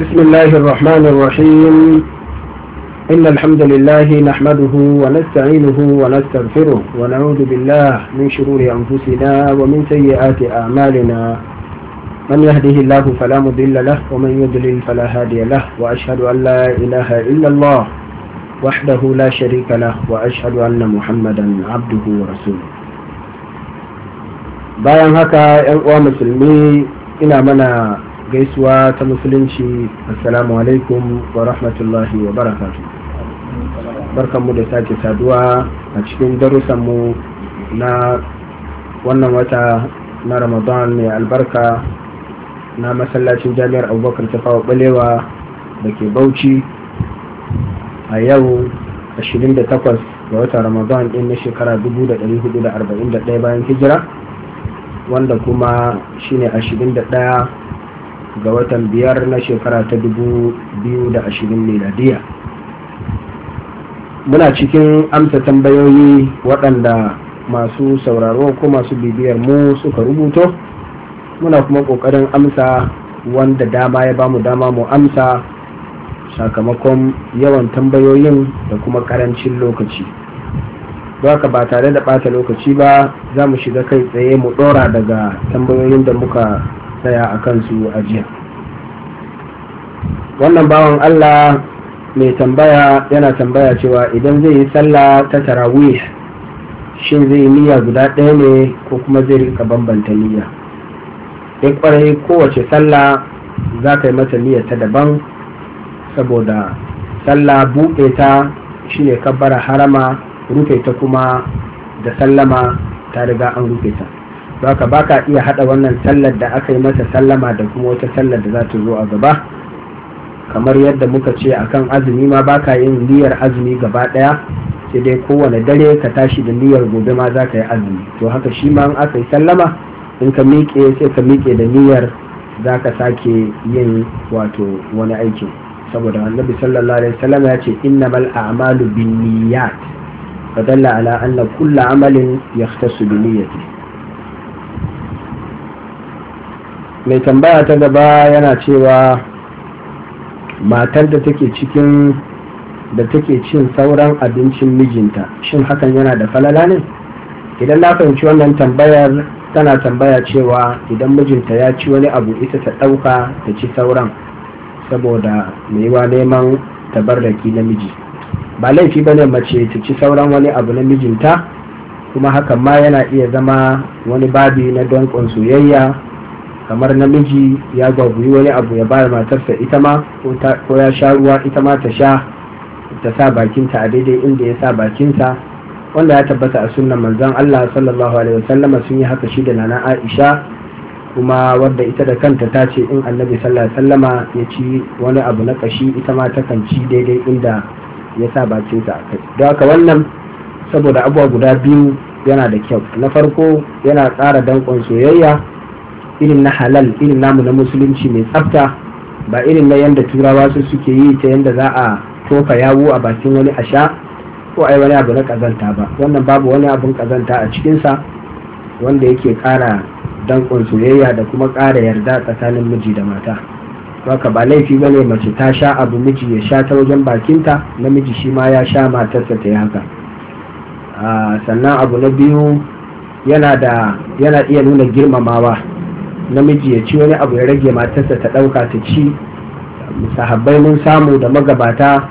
بسم الله الرحمن الرحيم إن الحمد لله نحمده ونستعينه ونستغفره ونعوذ بالله من شرور أنفسنا ومن سيئات أعمالنا من يهده الله فلا مضل له ومن يضلل فلا هادي له وأشهد أن لا إله إلا الله وحده لا شريك له وأشهد أن محمدا عبده ورسوله bayan هكا 'yan uwa إن ina gaisuwa ta musulunci assalamu alaikum wa rahmatullahi wa barakatu barkanmu da sake saduwa a cikin darussanmu na wannan wata na ramadan mai albarka na masallacin jami'ar abubakar ta fawa balewa da ke bauchi a yau 28 ga watan ramadan din na shekara 1441 bayan hijira wanda kuma shine 21 ga watan biyar na shekara ta dubu biyu da ashirin miladiya muna cikin amsa tambayoyi waɗanda masu sauraro ko masu bibiyar mu suka rubuto muna kuma ƙoƙarin amsa wanda dama ya bamu dama mu amsa sakamakon yawan tambayoyin da kuma ƙarancin lokaci haka ba tare da ɓata lokaci ba za mu shiga kai tsaye mu ɗora daga tambayoyin da muka tsaya a kansu a jiya wannan bawan allah mai tambaya yana tambaya cewa idan zai yi sallah ta tarawih shin zai yi niyya guda ɗaya ne ko kuma zai rika bambanta niyya ya eh, kwarai kowace sallah za ka yi mata niyya ta daban saboda sallah buɗe ta shine kabbara harama rufe ta kuma da sallama ta riga an rufe ta baka baka iya hada wannan sallar da aka yi masa sallama da kuma wata sallar da za ta zo a gaba kamar yadda muka ce akan azumi ma baka yin niyyar azumi gaba daya sai dai kowane dare ka tashi da niyyar gobe ma za ka yi azumi to haka shi ma in aka yi sallama in ka miƙe sai ka miƙe da niyyar za ka sake yin wato wani aikin saboda annabi sallallahu alaihi wasallam ya ce innamal a'malu binniyat fadalla ala anna kullu amalin yahtasu bi niyyati mai tambaya ta gaba yana cewa matar da take cikin da take cin sauran abincin mijinta shin hakan yana da falala ne idan na fahimci wannan tambayar tana tambaya cewa idan mijinta ya ci wani abu ita ta ɗauka ta ci sauran saboda maiwa neman tabarraki na miji ba laifi bane mace ta ci sauran wani abu na mijinta kuma hakan ma yana iya zama wani babi na don soyayya kamar namiji ya gwagwuri wani abu ya ba matarsa ita ma ko ya sha ruwa ita ma ta sha ta sa bakinta a daidai inda ya sa bakinta wanda ya tabbata a sunnan manzon Allah sallallahu alaihi wasallam sun yi haka shi da nana Aisha kuma wadda ita da kanta ta ce in annabi sallallahu alaihi ya ci wani abu na kashi ita ma ta kan ci daidai inda ya sa bakinta a kai don haka wannan saboda abuwa guda biyu yana da kyau na farko yana ƙara dankon soyayya irin na halal irin namu na musulunci mai tsafta ba irin na yadda turawa su suke yi ta yadda za a tofa yawo a bakin wani a sha ko ai wani abu na kazanta ba wannan babu wani abun kazanta a cikinsa wanda yake kara dankon soyayya da kuma kara yarda tsakanin miji da mata baka ba laifi ba ne mace ta sha abu miji ya sha ta wajen bakinta namiji shi ma ya sha matarsa ta yi haka ah, sannan abu na biyu yana iya nuna girmamawa namiji ya ci wani abu ya rage matarsa ta ɗauka ta ci sahabbai mun samu da magabata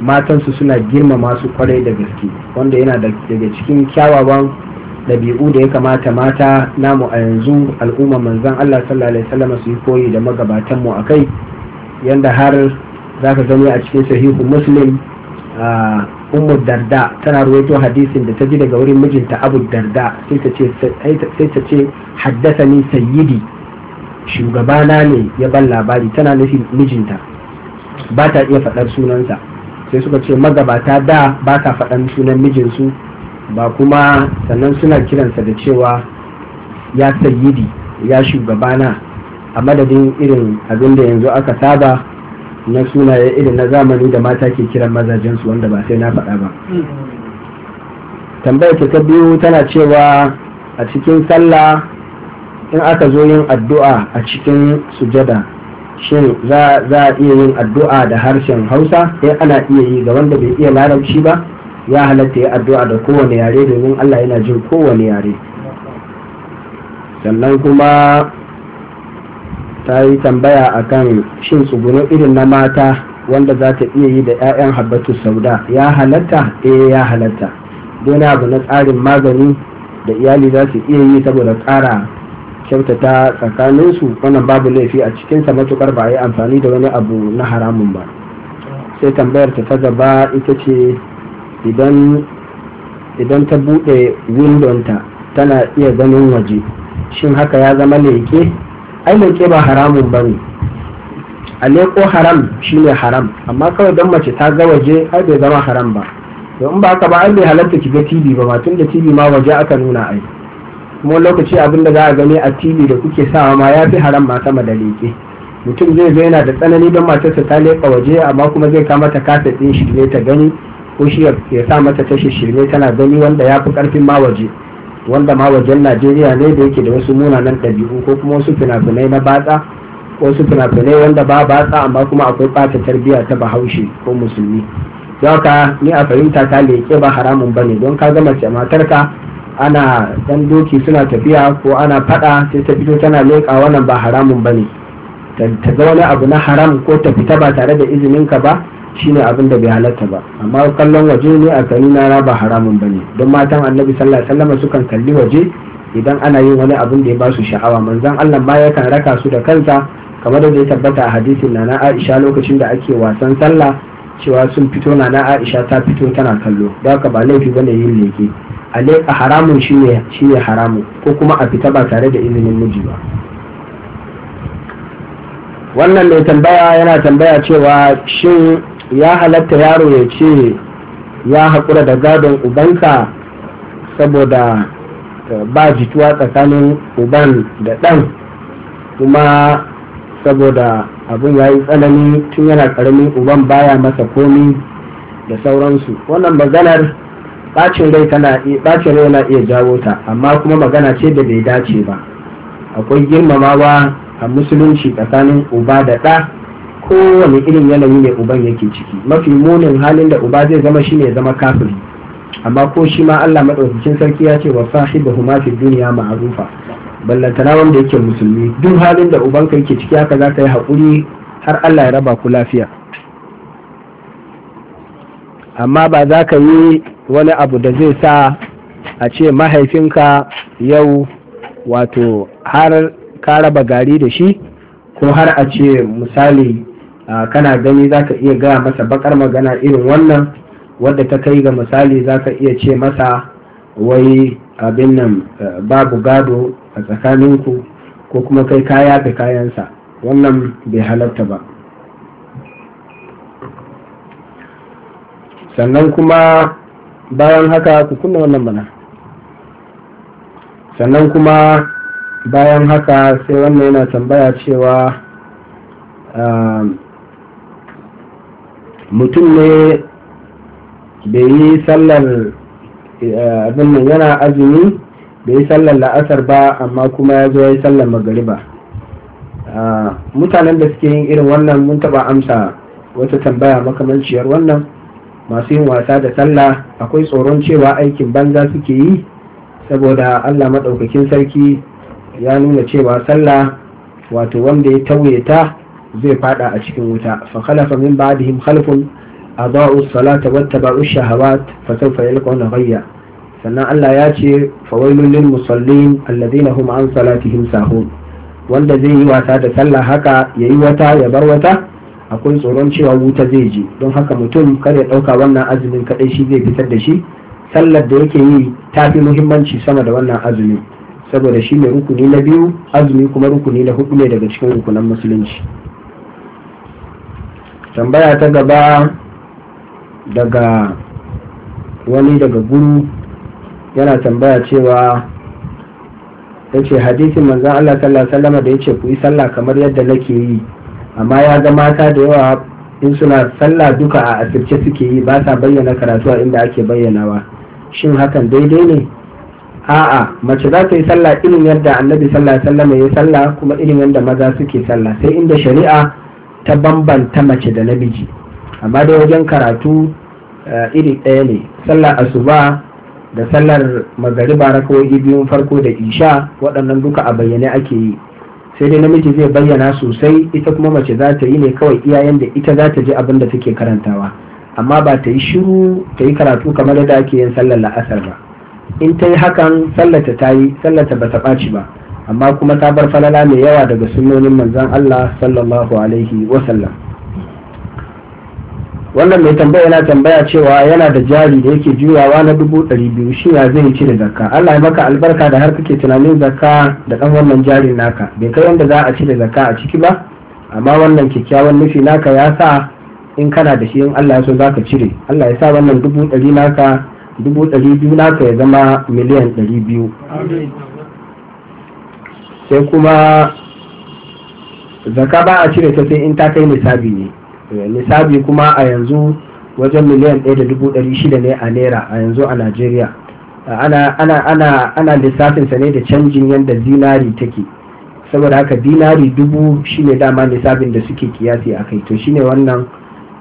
matansu suna girmama su kwarai da gaske wanda yana daga cikin kyawawan ɗabi'u da ya kamata mata namu a yanzu al'umma manzan Allah sallallahu su yi koyi da magabatan mu kai yanda har za ka gani a cikin sahihu muslim ummu darda tana ruwaito hadisin da ta ji daga wurin mijinta abu darda sai ta ce sai ta ce haddasa ni sayyidi shugabana ne ya ban labari tana nufin mijinta ba ta iya faɗar sunansa sai suka ce magabata da ba ta faɗan sunan mijinsu ba kuma sannan suna kiransa da cewa ya sayidi ya shugabana a madadin irin abin da yanzu aka saba na sunaye irin na zamani da mata ke kiran mazajensu wanda ba sai na faɗa ba mm-hmm. tambayar ta biyu tana cewa a cikin sallah in aka zo yin addu'a a cikin sujada shin za a iya yin addu'a da harshen hausa sai eh, ana iya yi ga wanda bai iya larabci ba ya halatta ya addu'a da kowane yare domin allah yana jin kowane yare sannan kuma ta yi tambaya a kan shin tsugunu irin na mata wanda za ta iya yi da 'ya'yan habbatu sauda ya halatta e ya halatta don abu na tsarin magani da iyali za su iya yi saboda ƙara kyautata su wannan babu laifi a cikin sa matukar ba amfani da wani abu na haramun ba sai tambayar ta ta gaba ita ce idan ta buɗe windonta tana iya ganin waje shin haka ya zama leke ai leke ba haramun ba ne a leko haram shine haram amma kawai don mace ta ga waje ai bai zama haram ba in ba haka ba ai bai halatta ki ga tv ba ma tun da tv ma waje aka nuna ai kuma lokaci abin da za a gani a tv da kuke sawa ma ya fi haram ma sama da leƙe mutum zai zo yana da tsanani don matarsa ta leƙa waje amma kuma zai kama ta kasa ɗin shirme ta gani ko shi ya sa mata tashi shirme tana gani wanda ya fi ƙarfin ma waje wanda ma wajen najeriya ne da yake da wasu munanan ɗabi'u ko kuma wasu fina-finai na batsa ko wasu fina-finai wanda ba batsa amma kuma akwai ɓata tarbiyya ta bahaushe ko musulmi don ka ni a fahimta ta leƙe ba haramun ba ne don ka gama matarka ana dan doki suna tafiya ko ana fada sai ta fito tana leƙa wannan ba haramun ba ne ta ga wani abu na haram ko ta fita ba tare da izininka ba shine abin da bai halatta ba amma kallon waje ne a kani na ba haramun ba ne don matan annabi sallallahu alaihi sukan kalli waje idan ana yin wani abin da ya ba su sha'awa manzon Allah ma yakan raka su da kansa kamar da ya tabbata a hadisin na na Aisha lokacin da ake wasan sallah cewa sun fito na na Aisha ta fito tana kallo don haka ba laifi ba ne yin leke a leƙa haramun shi ne haramun ko kuma a fita ba tare da izinin miji ba wannan mai tambaya yana tambaya cewa shin ya halatta yaro ya ce ya haƙura da gadon ubanka saboda eh, ba jituwa tsakanin uban da ɗan kuma saboda abin ya yi tsanani tun yana ƙaramin uban baya masa komi da sauransu wannan maganar bacin rai tana bacin rai yana iya jawo ta amma kuma magana ce da bai dace ba akwai girmamawa a musulunci tsakanin uba da ɗa kowane irin yanayi ne uban yake ciki mafi munin halin da uba zai zama shine zama kafiri amma ko shi ma Allah madaukakin sarki ya ce wa ma fi duniya ma'rufa ballantana wanda yake musulmi duk halin da Uban ka yake ciki haka za ka yi haƙuri har Allah ya raba ku lafiya amma ba za ka yi wani abu da zai sa a ce mahaifinka yau wato har ka raba gari da shi ko har a ce misali kana gani za ka iya gaya masa bakar magana irin wannan wadda ta kai ga misali za ka iya ce masa wai abin nan babu gado a tsakaninku ko kuma kai kaya da kayansa wannan bai halatta ba sannan kuma bayan haka ku kunna wannan mana sannan kuma bayan haka sai wannan yana tambaya cewa ah, mutum ne bai yi sallar eh, abin da yana azumi bai yi sallar la'asar ba amma kuma ya zo ya yi sallar magariba ah, mutanen da suke yin irin wannan mun taba amsa wata tambaya makamanciyar wannan masu yin wasa da sallah akwai tsoron cewa aikin banza suke yi saboda allah maɗaukakin sarki ya nuna cewa sallah wato wanda ya tauye ta zai fada a cikin wuta fa khalafa min ba'dihim khalfun adaa'u salata wattaba'u shahawat fa sawfa yalqawna ghayya sannan Allah ya ce fawailul lil musallin alladhina hum an salatihim sahun wanda zai yi wasa da sallah haka yayi wata ya bar wata akwai tsoron cewa wuta zai je don haka mutum kar ya ɗauka wannan azumin kaɗai shi zai fitar da shi sallar da yake yi ta fi muhimmanci sama da wannan azumi saboda shi ne rukuni na biyu azumi kuma rukuni na hudu ne daga cikin rukunan musulunci tambaya ta gaba daga wani daga guru yana tambaya cewa ya ce hadisin manzan Allah sallallahu alaihi da ya ce ku yi sallah kamar yadda nake yi amma ya ga mata da yawa in suna sallah duka a asirce suke yi ba sa bayyana karatu a inda ake bayyanawa shin hakan daidai ne a'a mace za ta yi sallah irin yadda annabi sallah sallah mai ya sallah kuma irin yadda maza suke sallah sai inda shari'a ta bambanta mace da na namiji amma da wajen karatu eh, iri ɗaya ne sallar asuba da sallar magariba rakawai biyun farko da isha waɗannan duka a bayyane ake yi sai dai namiji zai bayyana sosai ita kuma mace za ta yi ne kawai iyayen da ita za ta ji abin da take karantawa amma ba ta yi shiru ta yi karatu kamar yadda ake yin sallar la'asar ba in ta yi hakan sallata ta yi sallata ba ta ɓaci ba amma kuma ta bar falala mai yawa daga sunnonin manzon Allah sallallahu alaihi wasallam wannan mai tambaya yana tambaya cewa yana da jari da yake juyawa na dubu ɗari biyu shi ya zai ci da zakka Allah ya maka albarka da har kake tunanin zakka da ɗan wannan jari naka bai kai yadda za a ci da zakka a ciki ba amma wannan kyakkyawan nufi naka ya sa in kana da shi in Allah ya so za ka cire Allah ya sa wannan dubu ɗari naka dubu ɗari biyu naka ya zama miliyan ɗari biyu sai kuma zakka ba a cire ta sai in ta kai nisabi ne Eh, nisabi kuma a yanzu wajen miliyan ɗaya shida ne a naira a yanzu a najeriya eh, ana lissafin lissafinsa ne da canjin yadda zinari take saboda haka dinari dubu shine dama nisabin da suke kiyasi a kai to shine wannan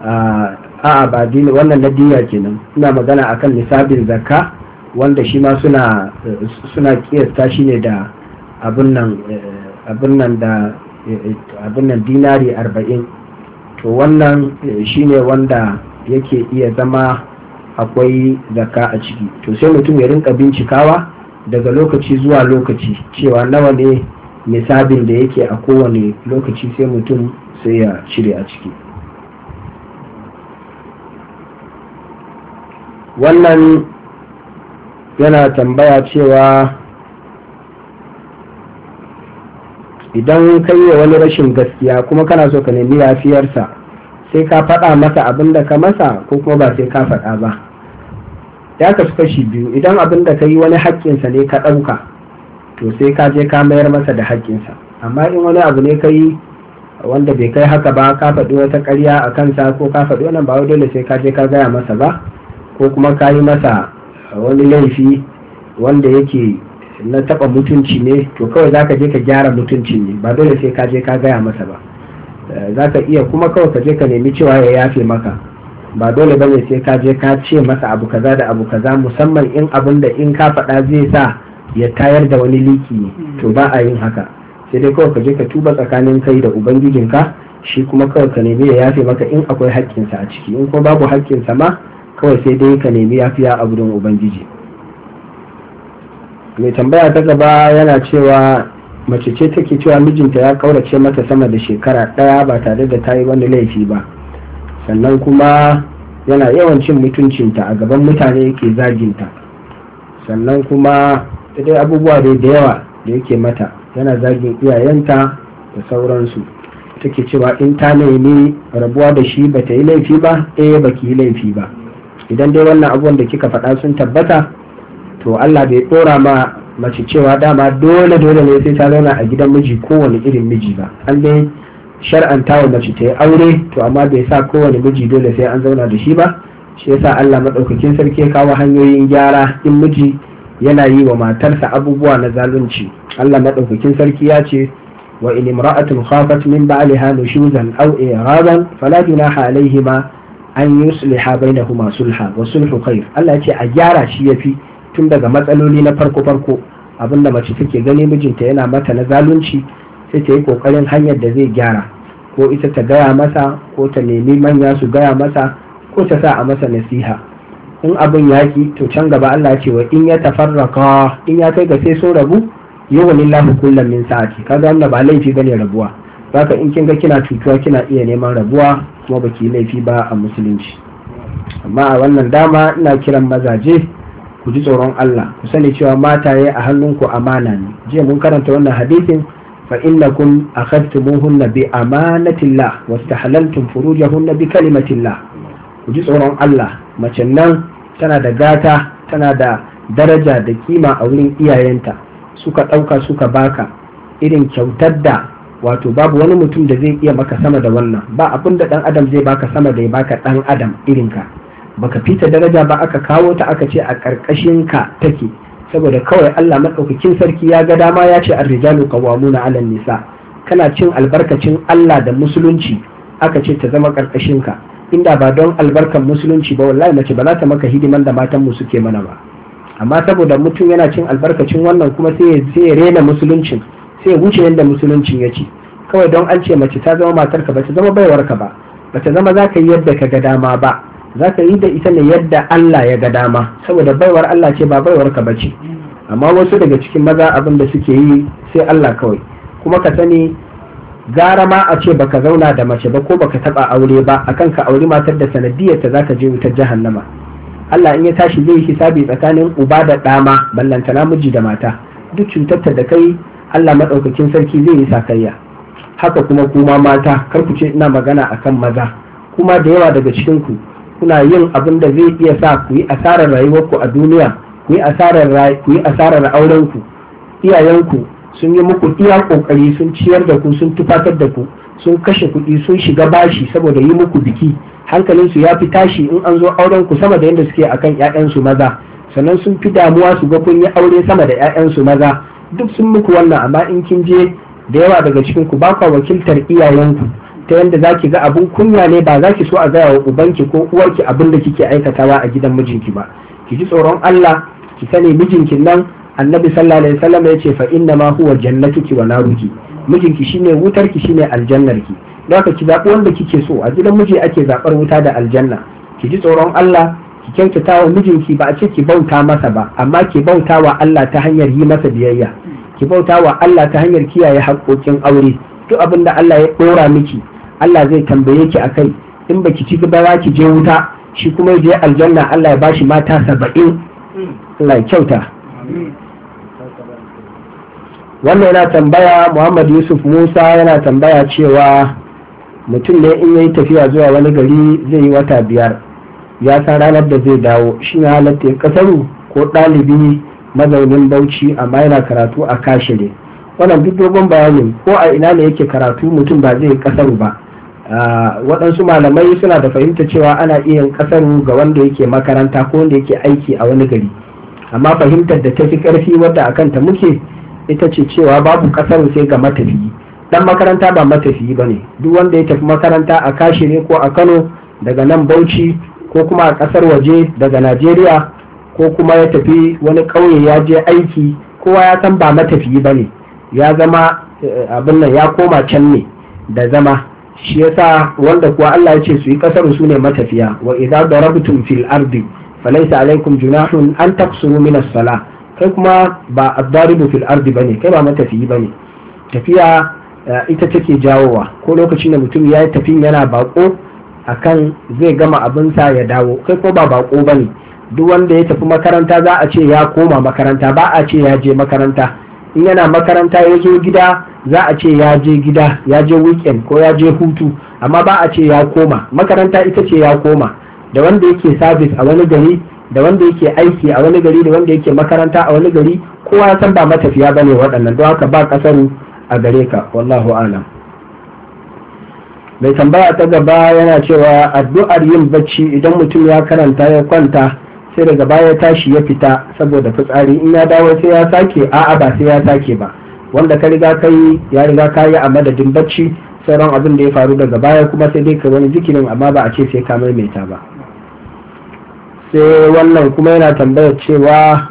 ah, a'a ba wannan na diya kenan ina magana akan nisabin zakka wanda shi ma suna kiyasta kiyasta shine da abin eh, da abin dinari arba'in to wannan eh, shi ne wanda yake iya zama akwai zaka a ciki to sai mutum ya rinka bincikawa daga lokaci zuwa lokaci cewa nawa ne nisabin da yake a kowane lokaci sai mutum sai ya cire a ciki wannan yana tambaya cewa idan kai wa wani rashin gaskiya kuma kana so ka nemi yafiyarsa sai ka faɗa masa abin da ka masa ko kuma ba sai ka faɗa ba ya kasu kashi biyu idan abin da ka yi wani haƙƙinsa ne ka ɗauka to sai ka je ka mayar masa da haƙƙinsa amma in wani abu ne ka yi wanda bai kai haka ba ka faɗi wata ƙarya a kansa ko ka faɗi wannan ba dole sai ka je ka gaya masa ba ko kuma ka yi masa wani laifi wanda yake na taɓa mutunci ne to kawai za ka je ka gyara mutunci ne ba dole sai ka je ka gaya masa ba eh, za ka iya kuma kawai ka je ka nemi cewa ya yafe maka ba dole bane sai ka je ka ce masa abu kaza da abu kaza musamman in abin da in ka faɗa zai sa ya tayar da wani liki ne mm. to ba a yin haka sai dai kawai ka je ka tuba tsakanin kai da ubangijinka shi kuma kawai ka nemi ya yafe maka in akwai haƙƙinsa a ciki in kuma babu haƙƙinsa ma kawai sai dai ka nemi yafiya a gudun ubangiji mai tambaya ta gaba yana cewa mace ce take cewa mijinta ya kaurace mata sama da shekara ɗaya ba tare da ta yi wani laifi ba sannan kuma yana yawan cin mutuncinta a gaban mutane yake zaginta sannan kuma dai abubuwa dai da yawa da yake mata yana zagin iyayenta da sauransu take cewa in ta nemi rabuwa da shi ba ta yi laifi ba eh ba ki yi laifi ba idan dai wannan abubuwan da kika faɗa sun tabbata to Allah bai ɗora ma mace cewa dama dole dole ne sai ta zauna a gidan miji kowane irin miji ba an dai shar'anta wa mace ta yi aure to amma bai sa kowane miji dole sai an zauna da shi ba shi yasa Allah madaukakin sarki ya kawo hanyoyin gyara in miji yana yi wa matarsa abubuwa na zalunci Allah madaukakin sarki ya ce wa in imra'atun khafat min ba'liha nushuzan aw i'raban fala junaha alayhima an yusliha bainahuma sulha wa sulhu khair Allah ya ce a gyara shi yafi tun daga matsaloli na farko-farko abin da mace take gani mijinta yana mata na zalunci sai ta yi kokarin hanyar da zai gyara ko ita ta gaya masa ko ta nemi manya su gaya masa ko ta sa a masa nasiha in abin yaki to can gaba Allah ce wa in ya tafarraka in ya kai ga sai so rabu yawan lillahi kullum min sa'ati kaga wannan ba laifi bane rabuwa zaka in kin ga kina cutuwa kina iya neman rabuwa kuma baki laifi ba a musulunci amma a wannan dama ina kiran mazaje ku ji tsoron Allah ku sani cewa mataye a hannunku amana ne jiya mun karanta wannan hadisin fa innakum akhadtumuhunna bi amanatillah wastahalaltum furujahunna bi kalimatillah ku ji tsoron Allah mace nan tana da gata tana da daraja da kima a wurin iyayenta suka ɗauka suka baka irin kyautar da wato babu wani mutum da zai iya maka sama da wannan ba abin da ɗan adam zai baka sama da ya baka ɗan adam irinka baka fita daraja ba aka kawo ta aka ce a ƙarƙashin ka take saboda kawai Allah maɗaukakin sarki ya ga dama ya ce rijalu qawwamuna 'alan nisa kana cin albarkacin Allah da musulunci aka ce ta zama ƙarƙashin ka inda ba don albarkan musulunci ba wallahi mace ba za ta maka hidiman da matan mu suke mana ba amma saboda mutum yana cin albarkacin wannan kuma sai ya rena musuluncin sai ya wuce yadda musuluncin ya ci, kawai don an ce mace ta zama matarka ba ta zama baiwarka ba ba ta zama za ka yi yadda ka ga dama ba za ka yi da ita ne yadda Allah ya ga dama saboda baiwar Allah ce ba baiwar ka bace amma wasu daga cikin maza abin da suke yi sai Allah kawai kuma ka sani gara ma a ce baka zauna da mace ba ko baka taba aure ba akan ka auri matar da sanadiyar ta zaka je wutar jahannama Allah in ya tashi zai hisabi tsakanin uba da ma ballanta namiji da mata duk cutar da kai Allah madaukakin sarki zai yi sakayya haka kuma kuma mata kar ku ce ina magana akan maza kuma da yawa daga cikin ku kuna yin abin da zai iya sa ku yi asarar rayuwarku a duniya ku yi asarar ku aurenku iyayenku sun yi muku iya kokari sun ciyar da ku sun tufatar da ku sun kashe kuɗi sun shiga bashi saboda yi muku biki hankalinsu ya fi tashi in an zo aurenku sama da yadda suke akan 'ya'yansu maza sannan sun fi damuwa su ga kun yi aure sama da 'ya'yansu maza duk sun muku wannan amma in kin je da yawa daga cikin ku ba kwa wakiltar iyayenku ta yadda za ki ga abin kunya ne ba za ki so a gaya wa ubanki ko uwarki abin da kike aikatawa a gidan mijinki ba ki ji tsoron Allah ki sani mijinki nan annabi sallallahu alaihi wasallam ya ce fa inna ma huwa jannatuki wa naruki mijinki shine wutarki shine aljannarki don haka ki zaɓi wanda kike so a gidan miji ake zaɓar wuta da aljanna ki ji tsoron Allah ki kyautata wa mijinki ba a ce ki bauta masa ba amma ki bauta wa Allah ta hanyar yi masa biyayya ki bauta wa Allah ta hanyar kiyaye haƙƙoƙin aure duk abinda Allah ya ɗora miki Allah zai tambaye ki akai in baki ci gaba za ki je wuta shi kuma je aljanna Allah ya bashi mata 70 Allah ya kyauta wannan yana tambaya Muhammad Yusuf Musa yana tambaya cewa mutum ne in yayi tafiya zuwa wani gari zai yi wata biyar ya san ranar da zai dawo shi ne halatta ya kasaru ko ɗalibi mazaunin bauchi amma yana karatu a kashire wannan duk dogon bayanin ko a ina ne yake karatu mutum ba zai kasaru ba Ah, waɗansu malamai suna da fahimta cewa ana iya mu ga wanda yake makaranta ko wanda yake aiki a wani gari amma fahimtar da ta fi ƙarfi wadda a kanta muke ita ce cewa babu ƙasar sai ga matafiyi ɗan makaranta ba matafiyi ba ne duk wanda ya tafi makaranta a ne ko a kano daga nan bauchi ko kuma a ƙasar waje daga najeriya ko kuma ya tafi wani ƙauye ya je aiki kowa ya san ba matafiyi ba ne ya zama eh, abin nan ya koma can ne da zama shi yasa wanda kuwa Allah ya ce su yi kasar su ne matafiya wa idza darabtum fil ardi falaysa alaykum junahun an taqsuru min as-salah kai kuma ba ad-daribu fil ardi bane kai ba matafiyi bane tafiya eh, ita take jawowa ko lokacin da mutum ya yi tafi yana bako akan zai gama abin sa ya dawo kai ko ba bako bane duk wanda ya tafi makaranta za a ce ya koma makaranta ba a ce ya je makaranta in yana makaranta ya zo gida za a ce ya je gida ya je weekend ko ya je hutu amma ba a ce ya koma makaranta ita ce ya koma da wanda yake service a wani gari da wanda yake aiki a wani gari da wanda yake makaranta a wani gari kowa ya san ba matafiya bane waɗannan don haka ba kasar a gare ka wallahu alam mai tambaya ta gaba yana cewa addu'ar yin bacci idan mutum ya karanta ya kwanta sai daga baya tashi ya fita saboda fitsari in ya dawo sai ya sake a'a ba sai ya sake ba wanda ka riga kai ya riga ka yi a madadin bacci sauran abin da ya faru daga baya kuma sai dai ka wani zikirin amma ba a ce sai ka maimaita ba sai wannan kuma yana tambayar cewa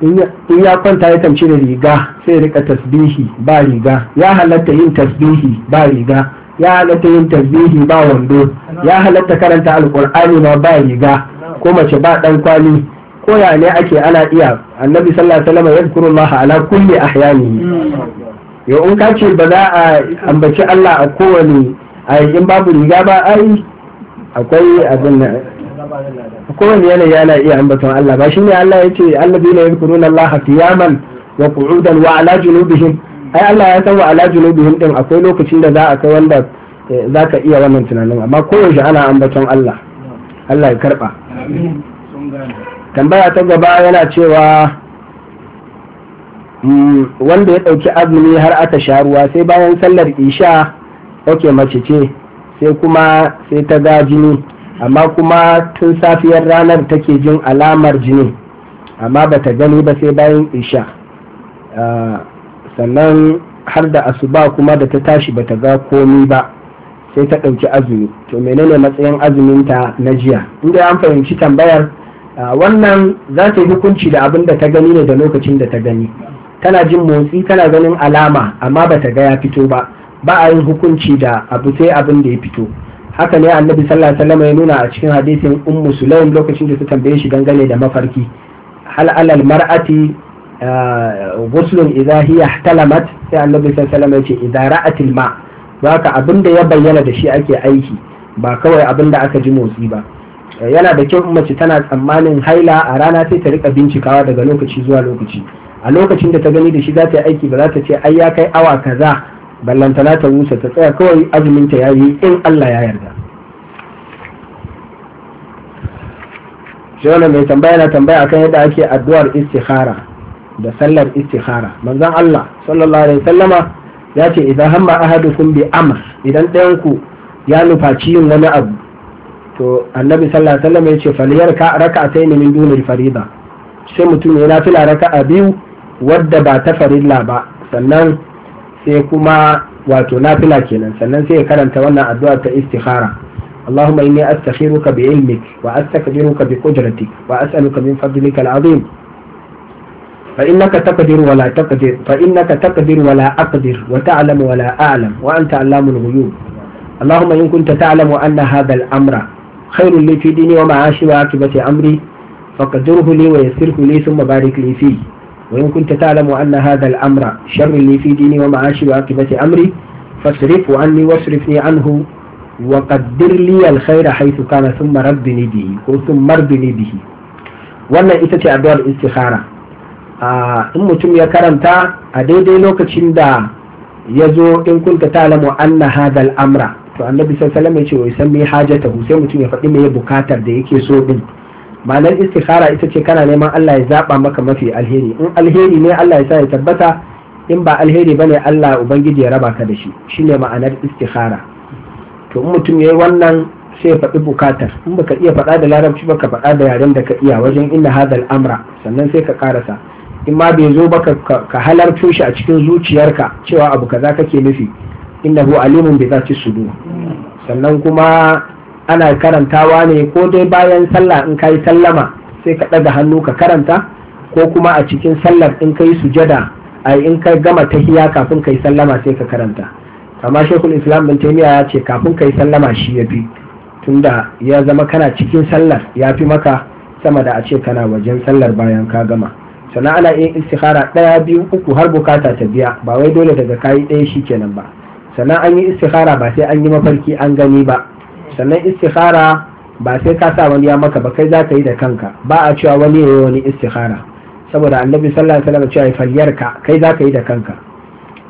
in ya kwanta ya tamci da riga sai rika tasbihi ba riga ya halatta yin tasbihi ba riga ya halatta yin tasbihi ba wando ya halatta karanta alkur'ani ma ba riga ko mace ba dan kwali koya ne ake ana iya annabi sallallahu alaihi wasallam yadkuru Allah ala kulli ahyani yau in ka ce ba za a ambaci Allah a kowane a in babu riga ba ai akwai abin kowane yanayi yana iya ambaton Allah ba shine Allah ya ce la yadkuru Allah qiyaman wa qu'udan wa ala junubihim ai Allah ya san wa ala junubihim din akwai lokacin da za a kai wanda eh, za ka iya wannan tunanin amma koyaushe ana ambaton Allah Allah ya karba tambaya ta gaba yana cewa hmm, wanda ya ɗauki azumi har aka sha ruwa sai bayan sallar isha ɗauke mace ce sai kuma sai ta ga jini amma kuma tun safiyar ranar take jin alamar jini amma ba ta gani ba sai bayan isha ah, sannan har da asuba kuma da ta tashi ba ta ga komi ba sai ta ɗauki azumi to menene matsayin azuminta na jiya inda an fahimci tambayar Ah, wannan za ta yi hukunci da abin da ta gani ne da lokacin da ta gani tana jin motsi tana ganin alama amma ba ta ga ya fito ba ba a yin hukunci da abu sai abin da ya fito haka ne annabi sallallahu alaihi wasallam ya nuna a cikin hadisin ummu sulaim lokacin da ta tambaye shi dangane da mafarki hal alal mar'ati ah, ghuslun idha hiya ihtalamat sai annabi sallallahu alaihi wasallam ya ce idha ra'at al ma abin da ya bayyana da shi ake aiki ba kawai abin da aka ji motsi ba yana da kyau mace tana tsammanin haila a rana sai ta rika bincikawa daga lokaci zuwa lokaci a lokacin da ta gani da shi za ta yi aiki ba za ta ce ai ya kai awa kaza ballantana ta wusa ta tsaya kawai azumin ta yayi in Allah ya yarda jona mai tambaya na tambaya akan yadda ake addu'ar istikhara da sallar istikhara manzon Allah sallallahu alaihi wasallama ya ce idan hamma ahadukum bi amr idan ɗayan ku ya nufaci yin wani abu to annabi sallallahu alaihi wasallam yace faliyar ka raka'atayn min dunil farida sai mutum yana nafila raka'a biyu wadda ba ta farilla ba sannan sai kuma wato nafila kenan sannan sai ya karanta wannan addu'a ta istikhara اللهم إني أستخيرك بعلمك وأستكبرك بقدرتك وأسألك من فضلك العظيم فإنك تقدر ولا تقدر فإنك تقدر ولا أقدر وتعلم ولا أعلم وأنت علام الغيوب اللهم إن كنت تعلم أن هذا الأمر خير لي في ديني ومعاشي وعاقبة أمري فقدره لي ويسره لي ثم بارك لي فيه وإن كنت تعلم أن هذا الأمر شر لي في ديني ومعاشي وعاقبة أمري فاصرفه عني واصرفني عنه وقدر لي الخير حيث كان ثم ربني به ثم ربني به wannan ita ce addu'ar istikhara in mutum ya karanta a daidai lokacin da ya zo in kunta talamu anna hadal amra to annabi sallallahu alaihi wasallam ya ce wai san me ta, sai mutum ya faɗi me bukatar da yake so din ma'anar istikhara ita ce kana neman Allah ya zaba maka mafi alheri in alheri ne Allah ya sa ya tabbata in ba alheri bane Allah ubangiji ya raba ka da shi shine ma'anar istikhara to in mutum yayi wannan sai ya faɗi bukatar in baka iya faɗa da larabci ba ka faɗa da yaren da ka iya wajen inna hadal amra sannan sai ka karasa in ma bai zo ba ka halarto shi a cikin zuciyarka cewa abu kaza kake nufi innahu alimun bi zati sudur sannan kuma ana karantawa ne ko dai bayan sallah in kai sallama sai ka daga hannu ka karanta ko kuma a cikin sallar in kai sujada ai in ka gama tahiya kafin kai sallama sai ka karanta amma shekul islam bin taimiya ya ce kafin kai sallama shi ya fi tunda ya zama kana cikin sallar ya fi maka sama da a ce kana wajen sallar bayan ka gama sannan ana yin istikhara ɗaya biyu uku har bukata ta biya ba wai dole daga kayi ɗaya shi kenan ba sannan an yi istikhara ba sai an yi mafarki an gani ba sannan istikhara ba sai ka sa wani ya maka ba kai za ka yi da kanka ba a cewa wani ya yi wani istikhara saboda annabi sallallahu alaihi wasallam cewa ka kai za ka yi da kanka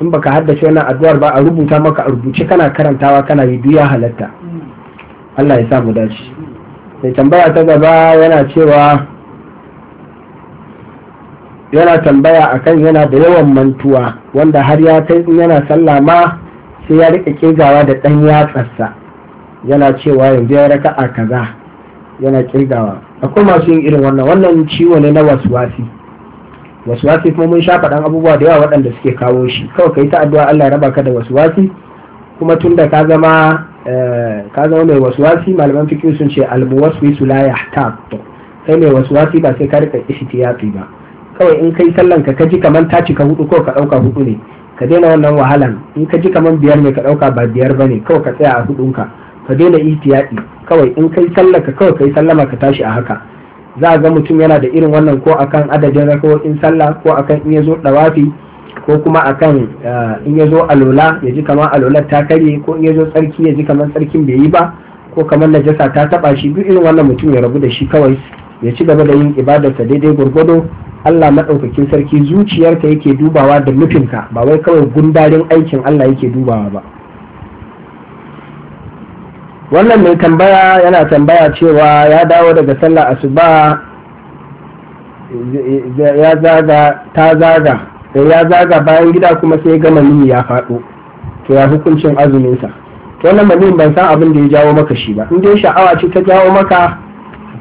in baka haddace wannan addu'ar ba a rubuta maka a rubuce kana karantawa kana yi duya halatta Allah ya sa mu dace sai tambaya ta gaba yana cewa yana tambaya akan yana da yawan mantuwa wanda har ya kai yana sallama sai ya rika kirgawa da ɗan yatsarsa yana cewa yanzu ya raka a kaza yana kirgawa akwai masu yin irin wannan wannan ciwo ne na waswasi waswasi kuma mun shafaɗan abubuwa da yawa waɗanda suke kawo shi kawai ka yi ta addu'a Allah ya raba ka da waswasi kuma tunda ka zama eh, ka zama mai waswasi malaman fikin sun ce su la to kai mai waswasi ba sai ka rika ishtiyati ba kawai in kai sallan ka ji kamar ta cika hudu ko ka ɗauka hudu ne ka daina wannan wahalan in ka ji kaman biyar ne ka ɗauka ba biyar ba ne kawai ka tsaya a hudunka ka daina itiyaɗi kawai in kai sallah ka kawai kai sallama ka tashi a haka za a ga mutum yana da irin wannan ko akan adadin rakawoyin sallah ko akan in ya zo ɗawafi ko kuma akan eh, in ya zo alola ya ji kamar alolar ta karye ko in ya zo tsarki ya ji kamar tsarkin bai yi ba ko kamar najasa ta taɓa shi duk irin wannan mutum ya rabu da shi kawai ya ci gaba da yin ibadarsa daidai gwargwado Allah maɗaukakin sarki zuciyarka yake dubawa da nufinka ba wai kawai gundarin aikin Allah yake dubawa ba wannan mai tambaya yana tambaya cewa ya dawo daga sallah asuba ya zaga ta zaga eh, ya zaga bayan gida kuma sai gama ni ya faɗo to ya hukuncin azuminsa to wannan mai ban san abin da ya jawo maka shi ba in dai sha'awa ce ta jawo maka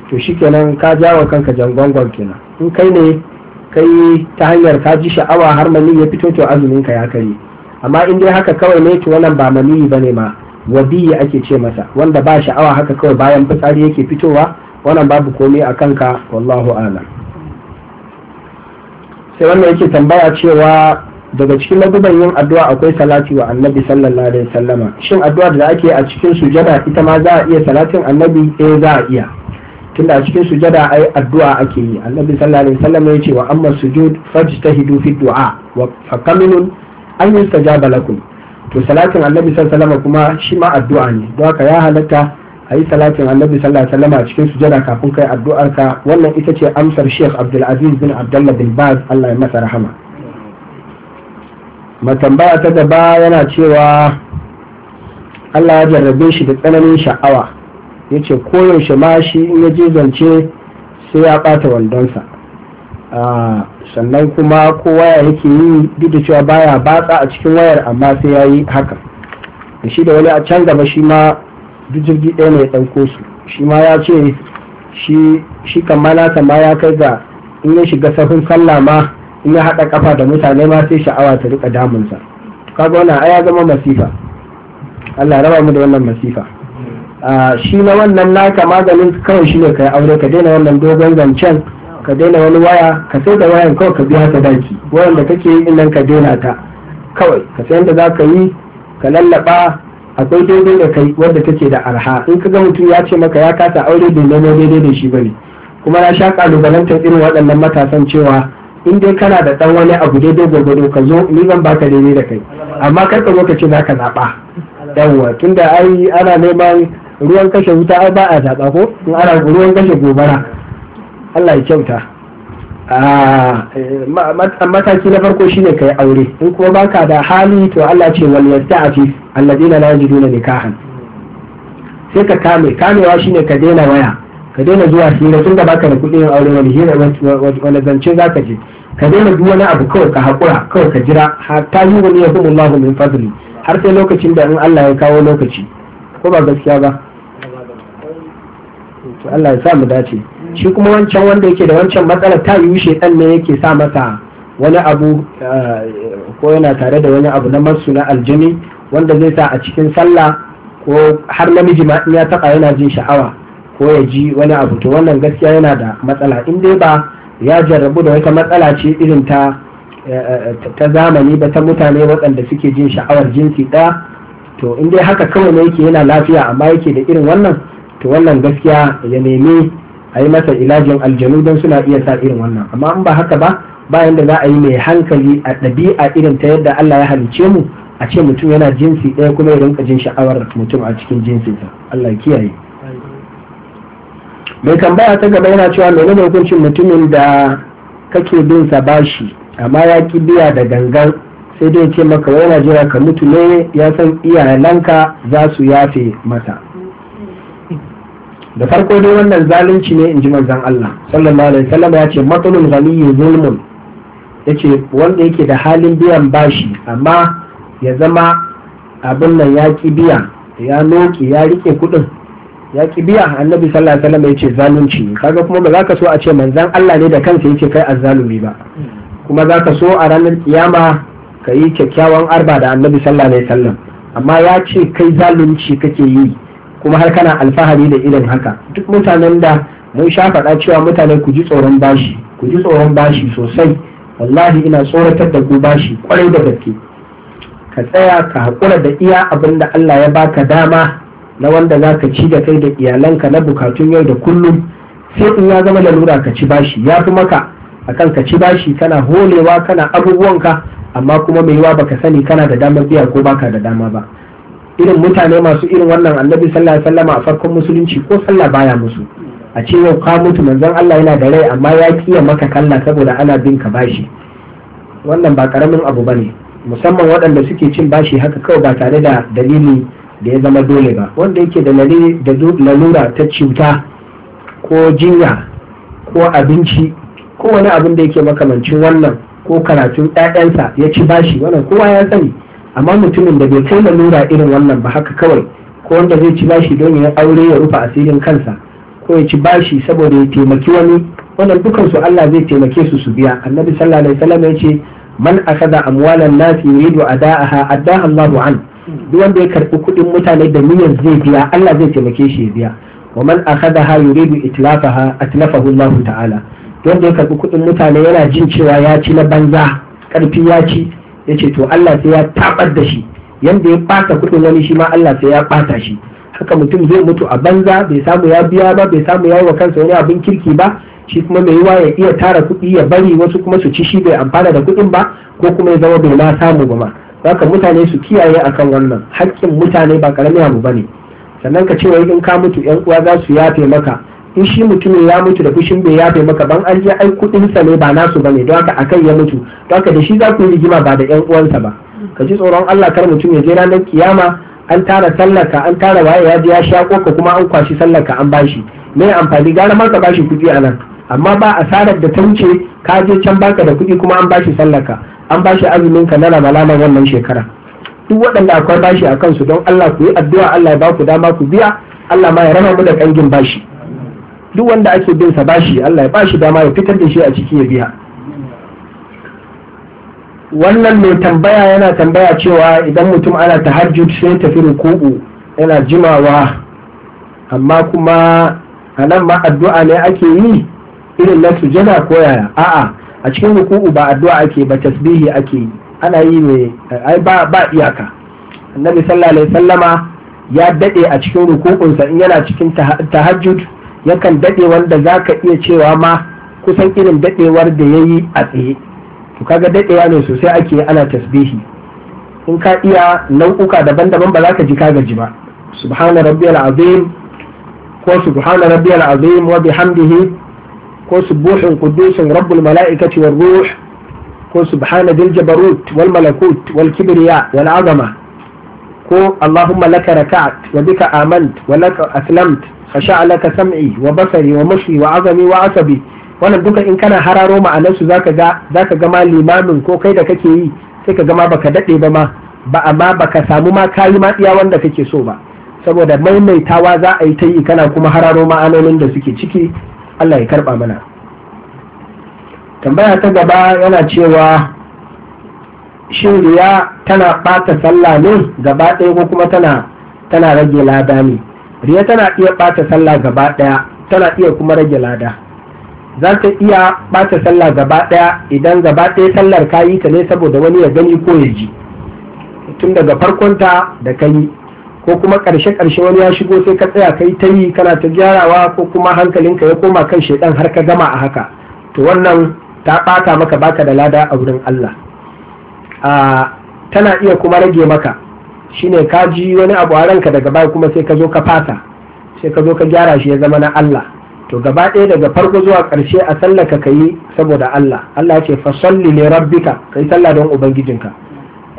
to shikenan ka jawo kanka jangon kenan in kai ne kai ta hanyar ka ji sha'awa har mani ya fito to azumin ka ya kare amma in dai haka kawai ne to wannan ba mani bane ma wadiyi ake ce masa wanda ba sha'awa haka kawai bayan fitsari yake fitowa wannan babu komai a kanka wallahu alam sai wannan yake tambaya cewa daga cikin maduban yin addu'a akwai salati wa annabi sallallahu alaihi wasallama shin addu'ar da ake a cikin sujada ita ma za a iya salatin annabi eh za a iya tunda a cikin sujada ai addu'a ake yi annabi sallallahu alaihi wasallam ya ce wa amma sujud fajtahidu fi du'a wa fakaminun an yustajaba lakum to salatin annabi sallallahu alaihi wasallam kuma shi ma addu'a ne don haka ya halatta a yi salatin annabi sallallahu alaihi wasallam a cikin sujada kafin kai addu'arka wannan ita ce amsar sheikh abdulaziz bin abdullah bin baz allah ya masa rahama matambaya ta gaba yana cewa allah ya jarrabe shi da tsananin sha'awa ya ce koyaushe ma shi in ya je zance sai ya ɓata wandonsa ah, sannan kuma ko waya yake yi duk da cewa baya batsa a cikin wayar amma sai ya yi haka da shi da wani a can gaba shi ma duk jirgi ɗaya mai ɗauko su shi ma ya ce shi kammala ma ya kai ga in ya shiga sahun sallah ma in ya haɗa kafa da mutane ma sai sha'awa ta rika damunsa kaga wannan ai ya zama masifa Allah raba mu da wannan masifa shi na wannan naka maganin kawai shi ne ka aure ka daina wannan dogon zancen ka daina wani waya ka sai da wayan kawai ka biya ta daki wayanda kake yi nan ka daina ta kawai ka sai da za ka yi ka lallaba akwai daidai da kai wadda take da arha in ka ga mutum ya ce maka ya kasa aure bai nemo daidai da shi bane kuma na sha kalubalantar irin waɗannan matasan cewa in dai kana da ɗan wani abu daidai gwagwado ka zo ni zan baka daidai da kai amma kar ka zo ka ce za ka zaɓa yawwa tunda ai ana neman ruwan kashe wuta ai ba a zaɓa ko in ana ruwan kashe gobara Allah ya kyauta ah, eh, mataki na farko shine kai aure in kuma baka da hali to Allah ce wal yasta'fi alladina la yajiduna nikahan sai ka kame kamewa shine ka daina waya ka daina zuwa hira tun da baka da kuɗi yin aure wani hira wani zance za ka je ka daina duk wani abu kawai ka haƙura kawai ka jira hatta yi wani ya kuma Allah min fadli har sai lokacin da in Allah ya kawo lokaci ko ba gaskiya ba to Allah ya sa mu dace shi kuma wancan wanda yake da wancan matsala ta yi ɗan ne yake sa masa wani abu eh, ko yana tare da wani abu na masu na aljini wanda zai sa a cikin sallah ko har namiji ma in ya taba yana jin sha'awa ko ya ji wani abu to wannan gaskiya yana da matsala in dai ba ya jarrabu da wata matsala ce irin ta eh, ta zamani ba ta mutane waɗanda suke jin sha'awar jinsi ɗaya to in dai haka kawai ne yake yana lafiya amma yake da irin wannan to wannan gaskiya ya nemi a yi masa ilajin aljanu don suna iya sa irin wannan amma in ba haka ba bayan da za a yi mai hankali a ɗabi'a irin ta yadda Allah ya halicce mu a ce mutum yana jinsi ɗaya kuma ya rinka jin sha'awar mutum a cikin jinsinsa Allah ya kiyaye mai tambaya ta gaba yana cewa menene hukuncin mutumin da kake bin sa bashi amma ya ki biya da gangan sai dai ce maka yana jira ka mutu ne ya san iyalanka za su yafe masa da farko dai wannan zalunci ne in ji manzon Allah sallallahu alaihi wasallam ya ce matulul ghaniyyu zulmun yace wanda yake da halin biyan bashi amma ya zama abin nan ya ki biya ya noki ya rike kudin ya ki biya annabi sallallahu alaihi wasallam yace zalunci ne kaga kuma ba za ka so a ce manzon Allah ne da kansa yake kai azzalumi ba kuma za ka so a ranar kiyama ka yi kyakkyawan arba da annabi sallallahu alaihi wasallam amma ya ce kai zalunci kake yi kuma har kana alfahari da irin haka duk mutanen da mun sha faɗa cewa mutane ku ji tsoron bashi ku ji tsoron bashi sosai wallahi ina tsoratar da ku bashi kwarai da gaske ka tsaya ka haƙura da iya abin da Allah ya baka dama na wanda za ka ci da kai da iyalanka na bukatun yau da kullum sai in ya zama lalura ka ci bashi ya fi maka akan ka ci bashi kana holewa kana abubuwanka amma kuma mai yiwa baka sani kana da damar biya ko baka da dama ba irin mutane masu irin wannan annabi sallallahu alaihi wasallam a farkon musulunci ko sallah baya musu a ce yau ka mutu manzon Allah yana da rai amma ya kiya maka kalla saboda ana bin ka bashi wannan ba karamin abu bane musamman waɗanda suke cin bashi haka kawai ba tare da dalili da ya zama dole ba wanda yake da lalura ta cuta ko jinya ko abinci ko wani abin da yake makamancin wannan ko karatun 'ya'yansa ya ci bashi wannan kowa ya sani amma mutumin da bai kai lura irin wannan ba haka kawai ko wanda zai ci bashi don ya aure ya rufe asirin kansa ko ya ci bashi saboda ya taimaki wani wannan dukan su Allah zai taimake su su biya annabi sallallahu alaihi wasallam ya ce man akada amwalan nas yuridu ada'aha addaha Allah an duk wanda ya karbi kudin mutane da niyyar zai biya Allah zai taimake shi ya biya wa man akadaha yuridu itlafaha atlafahu Allah ta'ala duk wanda ya karbi kudin mutane yana jin cewa ya ci na banza karfi ya ci Ya ce to Allah sai ya tabar da shi yanda ya bata kudin wani shi ma Allah sai ya bata shi haka mutum zai mutu a banza bai samu ya biya ba bai samu ya yi wa kansa wani abin kirki ba shi kuma mai yiwa ya iya tara kuɗi ya bari wasu kuma su ci shi bai amfana da kuɗin ba ko kuma ya zama bai ma samu ba ma haka mutane su kiyaye akan wannan haƙƙin mutane ba karami abu bane sannan ka ce wai in ka mutu yan uwa za su yafe maka in shi mutumin ya mutu da fushin bai yafe maka ban an je ai kudin sa ne ba nasu bane don haka akai ya mutu don haka da shi za ku yi rigima ba da yan uwansa ba ka ji tsoron Allah kar mutum ya je ranar kiyama an tara sallaka an tara waye ya je ya sha ka kuma an kwashi sallaka an bashi me amfani gara ma ka bashi kuɗi a nan amma ba asarar da ta ka je can baka da kuɗi kuma an bashi sallaka an bashi azumin ka na ramalaman wannan shekara duk waɗanda akwai bashi a kansu don Allah ku yi addu'a Allah ya ba ku dama ku biya Allah ma ya rama mu da kangin bashi duk wanda ake bin sa bashi Allah ya bashi dama ya fitar da shi a cikin ya biya wannan mai tambaya yana tambaya cewa idan mutum ana tahajjud sai tafi ruku'u yana jimawa amma kuma a nan ma addu'a ne ake yi irin na sujada ko yaya a'a a cikin ruku'u ba addu'a ake ba tasbihi ake yi ana yi ne ai ba ba iyaka annabi sallallahu alaihi sallama ya dade a cikin ruku'unsa in yana cikin tahajjud yakan daɗe wanda za ka iya cewa ma kusan irin daɗewar da ya yi a tsaye to kaga daɗewa ne sosai ake ana tasbihi in ka iya nau'uka daban-daban ba za ka ji ka gaji ba subhana al azim ko subhana al azim wa bihamdihi ko subuhun qudusun rabbul mala'ikati war ruh ko subhana dil jabarut wal malakut wal kibriya wal azama ko Allahumma laka raka'at wa bika amant wa laka aslamt fa sha'alaka sam'i wa basari wa mushi wa azami wa asabi wannan duka in kana hararo ma'anarsu zaka ga zaka ga ma limamin ko kai da kake yi sai ka ga ma baka dade ba ma ba amma baka samu ma kayi ma iya wanda kake so ba saboda maimaitawa za a yi ta yi kana kuma hararo ma'anonin da suke ciki Allah ya karba mana tambaya ta gaba yana cewa shin riya tana ɓata sallah ne gaba ɗaya ko kuma tana tana rage lada ne riya tana iya ɓata sallah gaba ɗaya tana iya kuma rage lada za ta iya ɓata sallah gaba ɗaya idan gaba ɗaya sallar ka yi ta ne saboda wani ya gani ko ya ji tun daga farkon ta da ka yi ko kuma ƙarshe ƙarshe wani ya shigo sai ka tsaya kai ta yi kana ta gyarawa ko kuma hankalinka ya koma kan shaidan har ka gama a haka to wannan ta ɓata maka baka da lada a wurin Allah tana iya kuma rage maka shine ka ji wani abu a ranka daga baya kuma sai ka zo ka fasa sai ka zo ka gyara shi ya zama na Allah to gaba ɗaya daga farko zuwa ƙarshe a sallaka ka yi saboda Allah Allah ce fa salli li rabbika kai sallah don ubangijinka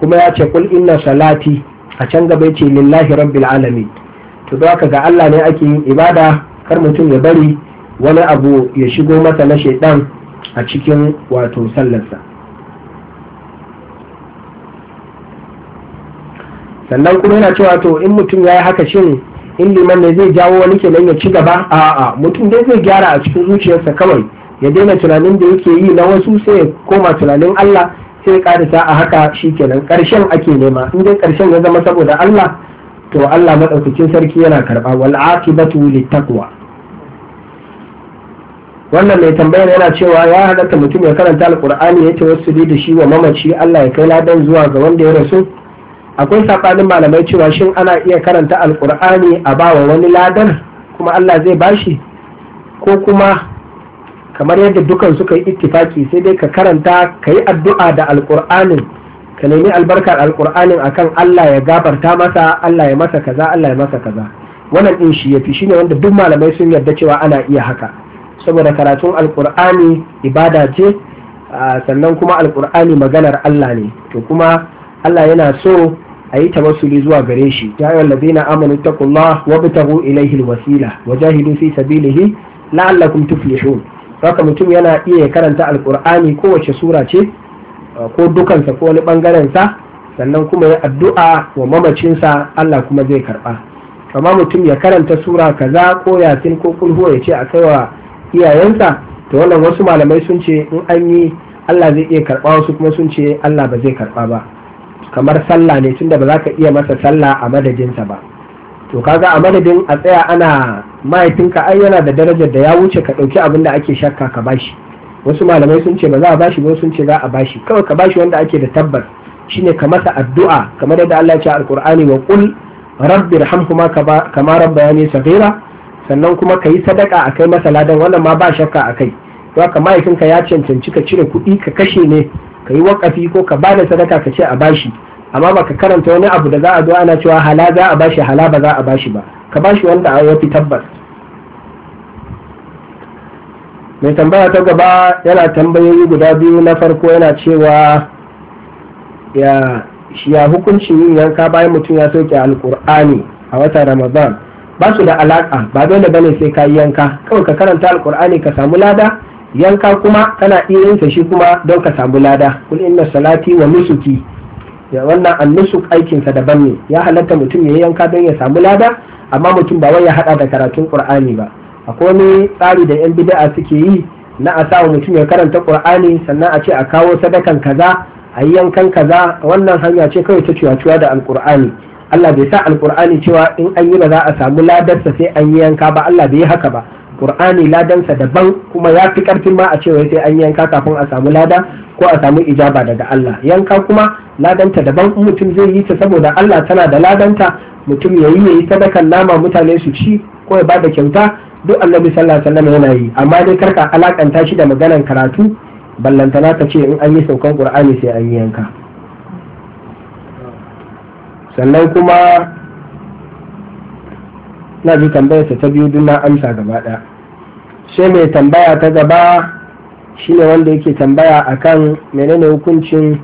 kuma ya ce kul inna salati a can gaba ce lillahi rabbil alamin to don haka ga Allah ne ake yin ibada kar mutum ya bari wani abu ya shigo masa na shaidan a cikin wato sallarsa sannan kuma yana cewa to in mutum ya yi haka shin in liman ne zai jawo wani kenan ya ci gaba a'a mutum dai zai gyara a cikin zuciyarsa kawai ya daina tunanin da yake yi na wasu sai ya koma tunanin Allah sai ya karisa a haka shi kenan karshen ake nema in dai karshen ya zama saboda Allah to Allah madaukakin sarki yana karba wal aqibatu wannan mai tambayar yana cewa ya halatta mutum ya karanta Alƙur'ani, ya wasu da shi wa mamaci Allah ya kai ladan zuwa ga wanda ya rasu akwai saɓanin malamai cewa shin ana iya karanta alkur'ani a bawa wani ladan kuma Allah zai bashi ko kuma kamar yadda dukan suka yi ittifaki sai dai ka karanta ka yi addu'a da alkur'anin ka nemi albarkar alkur'anin akan Allah ya gafarta masa Allah ya masa kaza Allah ya masa kaza wannan din shi yafi shine wanda duk malamai sun yarda cewa ana iya haka saboda karatun alkur'ani ibada ce sannan kuma alkur'ani maganar Allah ne to kuma Allah yana so a yi tawassuli zuwa gare shi ya ayyuhal ladina amanu ta wa bitahu ilayhi alwasila wa jahidu fi sabilihi la'allakum tuflihun haka mutum yana iya karanta alqur'ani kowace sura ce ko dukansa ko wani bangaren sa sannan kuma ya addu'a wa mamacinsa Allah kuma zai karba amma mutum ya karanta sura kaza ko yasin ko kulhu ya ce a kaiwa iyayensa to wannan wasu malamai sun ce in an yi Allah zai iya karba wasu kuma sun ce Allah ba zai karba ba kamar sallah ne tunda ba za ka iya masa sallah a madadinsa ba to kaga a madadin a tsaya ana mahaifinka ai yana da darajar da ya wuce ka ɗauki abin da ake shakka ka bashi wasu malamai sun ce ba za a bashi ba sun ce za a bashi kawai ka bashi wanda ake da tabbas shine ka masa addu'a kamar yadda Allah ya ce a alqur'ani wa qul rabbi irhamhuma kama rabbayani saghira sannan kuma ka yi sadaka a kai masa ladan wannan ma ba shakka a kai to ka mahaifinka ya cancanci ka cire kuɗi ka kashe ne ka yi wakafi ko ka bada sadaka ka ce a bashi amma baka karanta wani abu da za a zo ana cewa hala za a bashi hala ba za a bashi ba ka bashi wanda a yafi tabbas mai tambaya ta gaba yana tambayoyi guda biyu na farko yana cewa ya ya hukuncin yin yanka bayan mutum ya soke alkur'ani a watan ramadan ba su da alaƙa, ba dole bane sai ka yi yanka kawai ka karanta alkur'ani ka samu lada yanka kuma kana iya yin shi kuma don ka samu lada kun inna salati wa nusuki ya wannan annusuk aikin sa daban ne ya halatta mutum ya yanka don ya samu lada amma mutum ba wai ya hada da karatun qur'ani ba akwai wani tsari da yan bid'a suke yi na a sa mutum ya karanta qur'ani sannan a ce a kawo sadakan kaza a yi yankan kaza wannan hanya ce kawai ta cewa da alqur'ani Allah bai sa alqur'ani cewa in an yi ba za a samu ladarsa sai an yi yanka ba Allah bai yi haka ba qur'ani ladansa daban kuma ya fi karfin ma a cewa sai an yanka kafin a samu lada ko a samu ijaba daga Allah yanka kuma ladanta daban mutum zai yi ta saboda Allah tana da ladanta mutum ya yi yayi sadakan nama mutane su ci ko ya bada kyauta duk annabi sallallahu alaihi wasallam yana yi amma dai karka alakanta shi da maganan karatu ballantana ta ce in an yi saukan qur'ani sai an yi yanka sannan kuma na ji tambayarsa ta biyu na amsa gaba ɗaya sai mai tambaya ta gaba shi ne wanda yake tambaya a akan menene hukuncin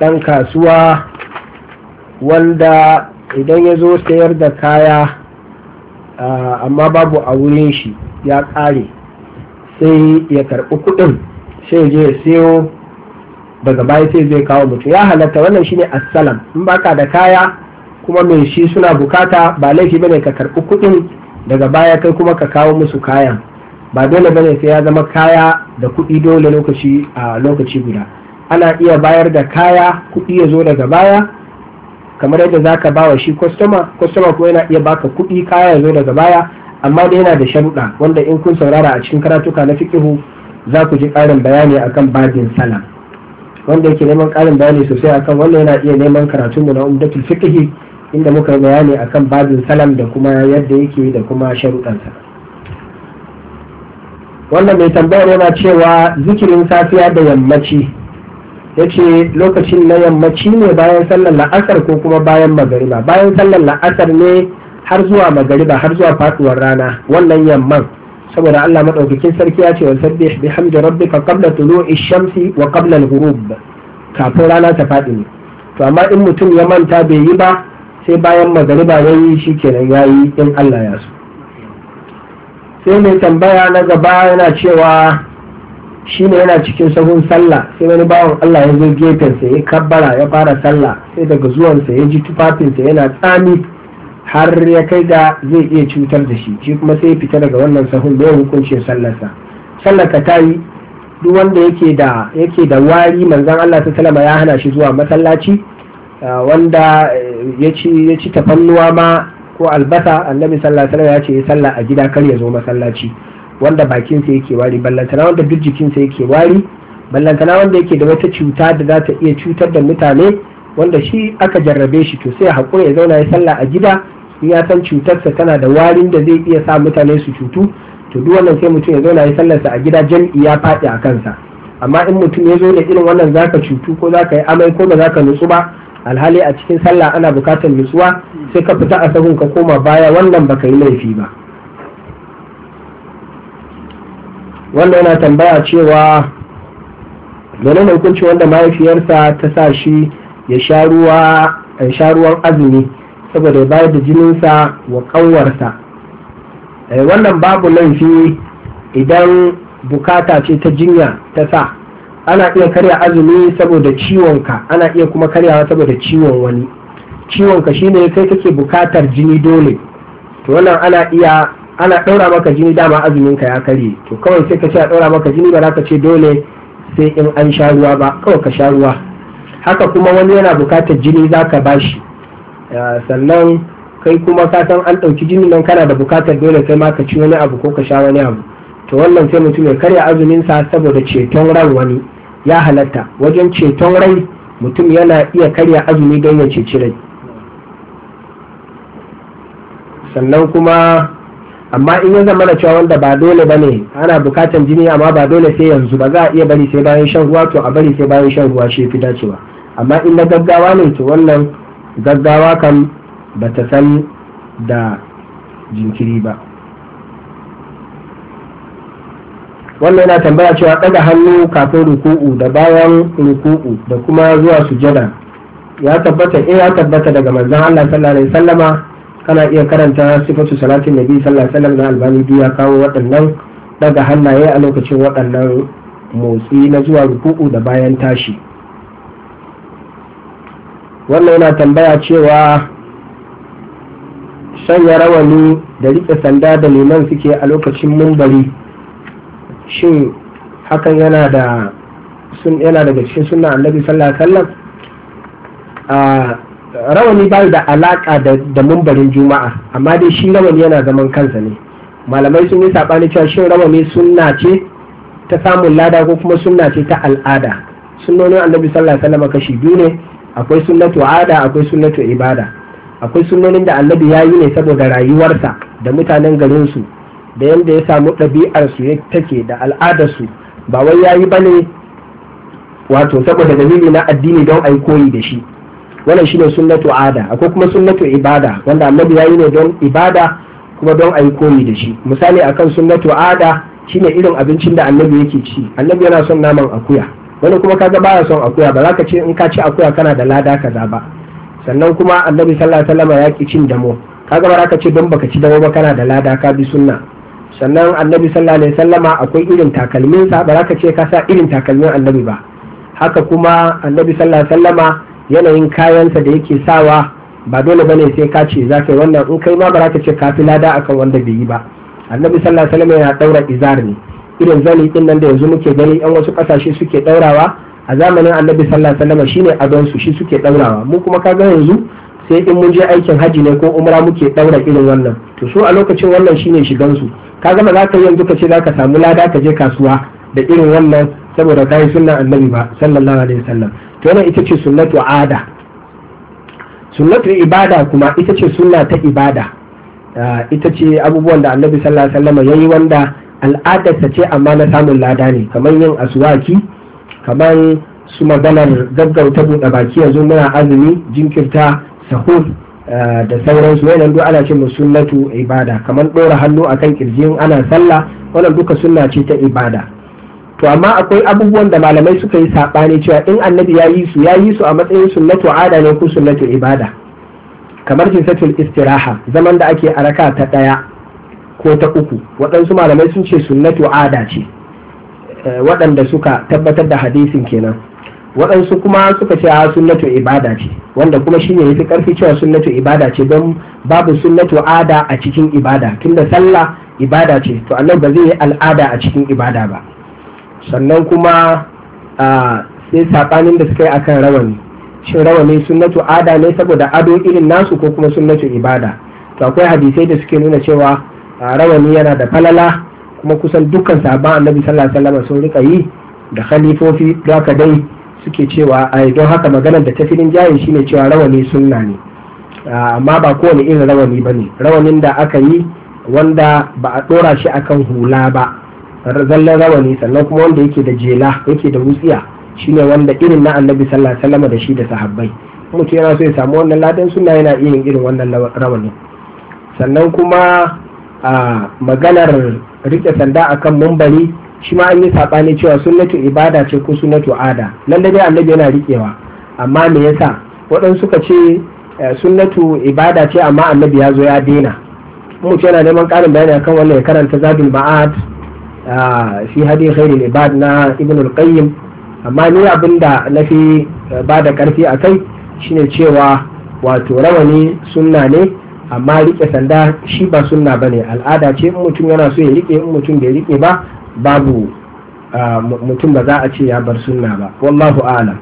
ɗan kasuwa wanda idan ya zo sayar da kaya amma babu a wurin shi ya ƙare sai ya karɓi kuɗin sai je ya sayo daga baya sai zai kawo mutu ya halatta wannan shi ne assalam in baka da kaya kuma mai shi suna bukata ba laifi bane ka karɓi kuɗin daga baya kai kuma ka kawo musu kayan ba dole bane sai ya zama kaya da kuɗi dole lokaci a lokaci guda ana iya bayar da kaya kuɗi ya zo daga baya kamar yadda zaka ba wa shi kwastoma kwastoma kuma yana iya baka kuɗi kaya ya zo daga baya amma dai yana da sharuɗa wanda in kun saurara a cikin karatuka na fikihu za ku ji ƙarin bayani akan bajin salam wanda yake neman ƙarin bayani sosai akan wannan yana iya neman karatunmu na umdatul fikihi inda muka yi bayani akan babin salam da kuma yadda yake da kuma sharuɗansa wannan mai tambayar yana cewa zikirin safiya da yammaci ya ce lokacin na yammaci ne bayan sallar la'asar ko kuma bayan magariba bayan sallar la'asar ne har zuwa magariba har zuwa faɗuwar rana wannan yamman saboda Allah maɗaukakin sarki ya ce wa sabbih bihamdi rabbika qabla tulu'i shamsi wa qabla al-ghurub kafin rana ta faɗi ne to amma in mutum ya manta bai yi ba sai bayan magariba ya yi shi kenan ya yi in Allah ya so sai mai tambaya na gaba yana cewa shi ne yana cikin sahun sallah sai wani bawan Allah ya zo gefensa ya kabbara ya fara sallah sai daga zuwansa ya ji tufafinsa yana tsami har ya kai ga zai iya cutar da shi shi kuma sai ya fita daga wannan sahun da ya hukunce sallarsa sallarka ta yi duk wanda yake da yake da wari manzon Allah ta salama ya hana shi zuwa masallaci wanda ya ci tafannuwa ma ko albasa annabi sallallahu alaihi wasallam ya ce sallah a gida kar ya zo masallaci wanda bakinsa yake wari ballantana wanda duk jikinsa yake wari ballantana wanda yake da wata cuta da za ta iya cutar da mutane wanda shi aka jarrabe shi to sai ya haƙura ya zauna ya sallah a gida in ya san cutarsa tana da warin da zai iya sa mutane su cutu to duk wannan sai mutum ya zauna ya sallarsa a gida jam'i ya faɗi a kansa amma in mutum ya zo da irin wannan zaka cutu ko zaka yi amai ko ba zaka nutsu ba alhali a cikin sallah ana bukatar nutsuwa sai ka fita a sahun ka koma baya wannan baka yi laifi ba wannan yana tambaya cewa gane mai hukunci wanda mahaifiyarsa ta sa shi ya sha ruwan azumi saboda ya bayar da jininsa wa ƙanwarsa eh, wannan babu laifi idan bukata ce ta jinya ta sa ana iya karya azumi saboda ciwonka ana iya kuma karyawa saboda ciwon wani ciwonka shine kai kake bukatar jini dole to wannan ana iya ana ɗaura maka jini dama azumin ka ya karye to kawai sai ka ce a ɗaura maka jini ba za ka ce dole sai in an sha ruwa ba kawai ka sha ruwa haka kuma wani yana bukatar jini za ka bashi sannan kai kuma ka san an ɗauki jini nan kana da bukatar dole kai ma ka ci wani abu ko ka sha wani abu to wannan sai mutum ya karya azumin sa saboda ceton ran wani ya halatta wajen ceton rai mutum yana iya karya azumi don ya ceci rai sannan kuma amma in ya zama cewa wanda ba dole ba ne ana bukatan jini amma ba dole sai yanzu ba za a iya bari sai bayan shan ruwa to a bari sai bayan shan ruwa shi fi dacewa amma in na gaggawa ne to wannan gaggawa kan ba ta san da jinkiri ba wannan yana tambaya cewa ɗaga hannu kafin ruku'u da bayan ruku'u da kuma zuwa sujada ya tabbata eh ya tabbata daga manzon Allah sallallahu alaihi wasallama kana iya karanta sifatu salatin nabi sallallahu alaihi wasallam da albani biya kawo waɗannan daga hannaye a lokacin waɗannan motsi na zuwa ruku'u da bayan tashi wannan yana tambaya cewa sanya rawani da riƙe sanda da liman suke a lokacin mumbari shin hakan yana da sun yana daga cikin suna annabi sallallahu alaihi rawani bai da alaka da mumbarin juma'a amma dai shi rawani yana zaman kansa ne malamai sun yi sabani cewa shin rawani sunna ce ta samun lada ko kuma sunna ce ta al'ada sunnoni annabi sallallahu alaihi wasallam kashi biyu ne akwai sunnatu ada akwai sunnatu ibada akwai sunnonin da annabi ya yi ne saboda rayuwarsa da mutanen garinsu da yadda ya samu ɗabi'arsu ya take da al'adarsu ba wai ya yi ba ne wato saboda dalili na addini don a yi koyi da shi wannan shine sunnatu ada akwai kuma sunnatu ibada wanda annabi ya yi ne don ibada kuma don a yi koyi da shi misali akan sunnatu ada shine irin abincin da annabi yake ci annabi yana son naman akuya wani kuma kaga baya son akuya ba za ka ce in ka ci akuya kana da lada kaza ba sannan kuma annabi sallallahu alaihi wasallam ya ki cin damo kaga ba za ka ce don baka ci damo ba kana da lada ka bi sunna sannan annabi sallallahu alaihi sallama akwai irin takalmin sa ba za ka ce ka sa irin takalmin annabi ba haka kuma annabi sallallahu alaihi sallama yanayin kayansa da yake sawa ba dole bane sai ka ce za ka yi wannan in kai ma ba za ka ce ka fi lada akan wanda bai yi ba annabi sallallahu alaihi sallama yana daura izar ne irin zani din nan da yanzu muke gani yan wasu kasashe suke daurawa a zamanin annabi sallallahu alaihi sallama shine adon su shi suke daurawa mu kuma kaga yanzu sai in mun je aikin haji ne ko umra muke daura irin wannan to su a lokacin wannan shine shigan su ka gama za ka yi yanzu ka ce za ka samu lada ka je kasuwa da irin wannan saboda ka yi sunnan annabi ba sallallahu alaihi wasallam to wannan ita ce sunnatu ada sunnatu ibada kuma ita ce sunna ta ibada ah, ita ce abubuwan da annabi sallallahu alaihi wasallam yayi wanda al'adarsa ce amma na samun lada ne kamar yin asuwaki kamar su maganar gaggauta buɗe baki yanzu muna azumi jinkirta sahur Eh, da sauransu wannan duk ana ce sunnatu ibada kamar ɗora hannu akan kirjin ana sallah wannan duka sunna ce ta ibada to amma akwai abubuwan da malamai suka yi saɓani cewa in annabi ya yi su ya yi su a matsayin sunnatu ada ne ko sunnatu ibada kamar jinsatul istiraha zaman da ake araka ta ɗaya ko ta uku waɗansu malamai sun ce sunnatu ada ce eh, waɗanda suka tabbatar da hadisin kenan waɗansu kuma suka ce a sunnatu ibada ce wanda kuma shi ne yafi karfi cewa sunnatu ibada ce don babu sunnatu ada a cikin ibada tunda sallah ibada ce to annan ba zai yi al'ada a cikin ibada ba sannan kuma sai saɓanin da suka yi akan rawani shin rawani sunnatu ada ne saboda ado irin nasu ko kuma sunnatu ibada to akwai hadisai da suke nuna cewa rawani yana da falala kuma kusan dukkan saban annabi sallallahu alaihi wasallam sun rika yi da khalifofi da dai suke cewa ai don haka maganar da ta fi filin jayin shine cewa rawani sunna ne amma ba kowane irin rawani ba ne rawanin da aka yi wanda ba a ɗora shi akan hula ba zallan rawani sannan kuma wanda yake da jela yake da wutsiya shine wanda irin na annabi sallallahu alaihi wasallam da shi da sahabbai mutum yana so ya samu wannan ladan sunna yana iya yin irin wannan rawani sannan kuma a maganar rike sanda akan mumbari shi ma an yi saɓani cewa sunnatu ibada ce ko sunnatu ada nan da dai annabi yana riƙewa amma me yasa waɗansu suka ce eh, sunnatu ibada ce amma annabi ya zo ya daina mu ce yana neman ƙarin bayani akan wannan ya karanta zabin ma'ad ah, fi hadi khairul ibad na ibn al-qayyim amma ni abinda na fi eh, ba da ƙarfi a kai shine cewa wato rawani sunna ne amma riƙe sanda shi ba sunna ne al'ada ce in mutum yana so ya riƙe in mutum bai riƙe ba babu mutum ba za a ce ya bar sunna ba wallahu alam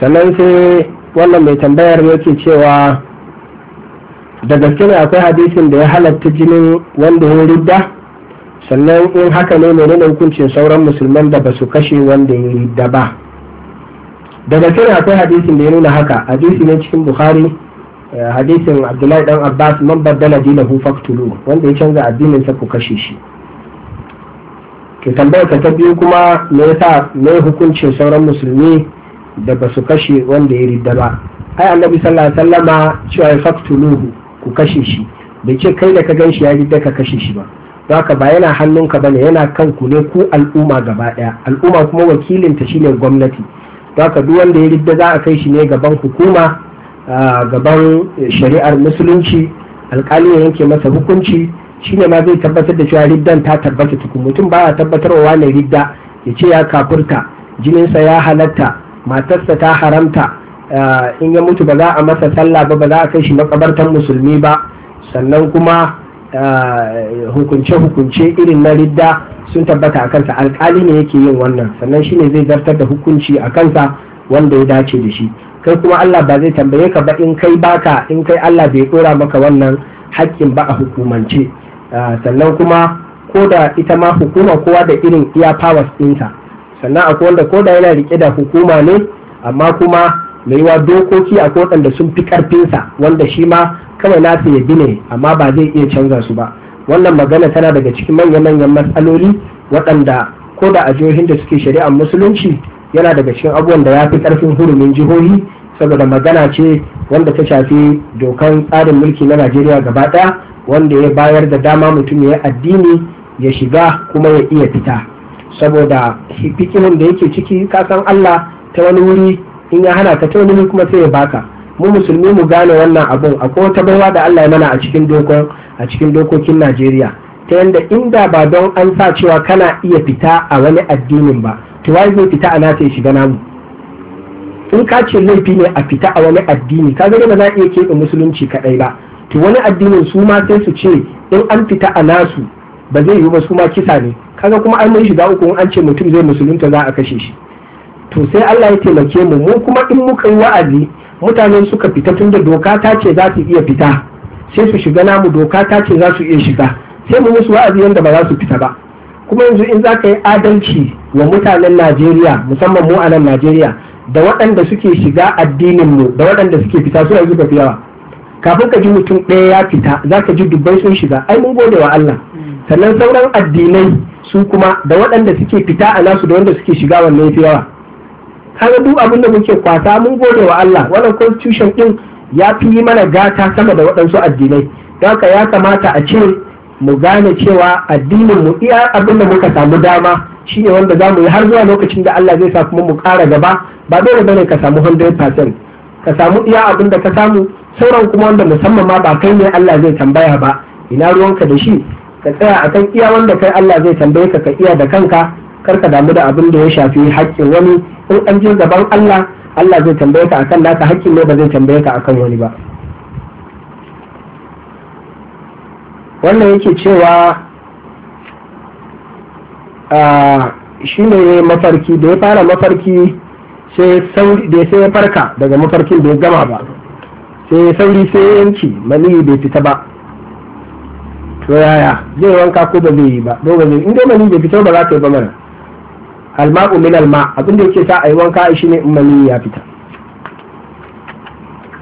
sannan sai wannan mai tambayar yake cewa da gaske ne akwai hadisin da ya halatta jinin wanda ya ridda sannan in haka ne nuna hukuncin sauran musulman da ba su kashe wanda ya ridda ba da gaske ne akwai hadisin da ya nuna haka hadisi ne cikin bukhari hadisin abdullahi dan abbas man baddala dinahu faktulu wanda ya canza addinin sa ku kashe shi ke tambayar ta biyu kuma me yasa me hukuncin sauran musulmi da ba su kashe wanda ya ridda ba ai annabi sallallahu alaihi wasallama cewa ya faktuluhu ku kashe shi bai ce kai da ka gan shi ya ridda ka kashe shi ba haka ba yana hannunka bane yana kan ku ne ku al'umma gaba daya al'umma kuma wakilinta shine gwamnati haka duk wanda ya ridda za a kai shi ne gaban hukuma gaban shari'ar musulunci alkali ya yanke masa hukunci shine ma zai tabbatar da cewa riddan ta tabbata tukun mutum ba tabbatarwa ne ridda ya ce ya kafurta jininsa ya halatta matarsa ta haramta in ya mutu ba za a masa sallah ba ba za a kai shi makabartan musulmi ba sannan kuma hukunce-hukunce irin na ridda sun tabbata a kansa alkali ne yake yin wannan sannan shine zai zartar da hukunci a kansa wanda ya dace da shi kai kuma Allah ba zai tambaye ka ba in kai baka in kai Allah bai dora maka wannan haƙƙin ba a hukumance ah, sannan kuma ko da ita ma hukuma kowa da irin iya powers ɗinta sannan akwai wanda ko da yana rike da hukuma ne amma kuma mai wa dokoki a da sun fi ƙarfinsa wanda shi ma kawai nasa ya bi ne amma ba zai iya canza su ba wannan magana tana daga cikin manya-manyan matsaloli waɗanda ko da a jihohin da suke shari'ar musulunci yana daga cikin abubuwan da ya fi karfin hurumin jihohi saboda magana ce wanda ta shafi dokan tsarin mulki na najeriya gaba ɗaya wanda ya bayar da dama mutum ya addini ya shiga kuma ya iya fita saboda fikimin da yake ciki kasan allah ta wani wuri in ya hana ka ta wani wuri kuma sai ya baka mu musulmi mu gane wannan abun akwai wata baiwa da allah ya mana a cikin dokon a cikin dokokin najeriya ta yadda inda ba don an sa cewa kana iya fita a wani addinin ba to wai zai fita a nasa ya shiga namu in ka ce laifi ne a fita a wani addini ka gani ba za iya keɓe musulunci kaɗai ba to wani addinin su ma sai su ce in an fita a nasu ba zai yi ba su ma kisa ne kaga kuma an mai shiga uku in an ce mutum zai musulunta za a kashe shi to sai Allah ya taimake mu mu kuma in muka yi wa'azi mutane suka fita tunda doka ta ce za su iya fita sai su shiga namu doka ta ce za su iya shiga sai mu su wa'azi yanda ba za su fita ba kuma yanzu in za ka yi adalci wa mutanen najeriya musamman mu a nan najeriya da waɗanda suke shiga addinin mu da waɗanda suke fita suna yanzu fi yawa kafin ka ji mutum ɗaya ya fita za ka ji dubbai sun shiga ai mun gode wa Allah sannan sauran addinai su kuma da waɗanda suke fita a nasu da wanda suke shiga wannan fi yawa kaga duk abin da muke kwasa mun gode wa Allah wannan constitution din ya fi mana gata sama da waɗansu addinai don haka ya kamata a ce mu gane cewa addinin mu iya abin da muka samu dama shi ne wanda za mu yi har zuwa lokacin da Allah zai sa kuma mu ƙara gaba ba dole bane ka samu 100% ka samu iya abin da ka samu sauran kuma wanda musamman ma ba kai ne Allah zai tambaya ba ina ruwanka da shi ka tsaya akan iya wanda kai Allah zai tambaye ka ka iya da kanka kar ka damu da abin da ya shafi haƙƙin wani in an je gaban Allah Allah zai tambaye ka akan naka haƙƙin ne ba zai tambaye ka akan wani ba wannan yake cewa shi ne mafarki da ya fara mafarki sai sai ya farka daga mafarkin da ya gama ba sai sauri sai ya yanki maniyi bai fita ba to yaya zai wanka ko ba zai yi ba don ba zai in dai maniyi bai fita ba za ta yi ba mana alma'u min alma abin da yake sa a yi wanka shi ne in maniyi ya fita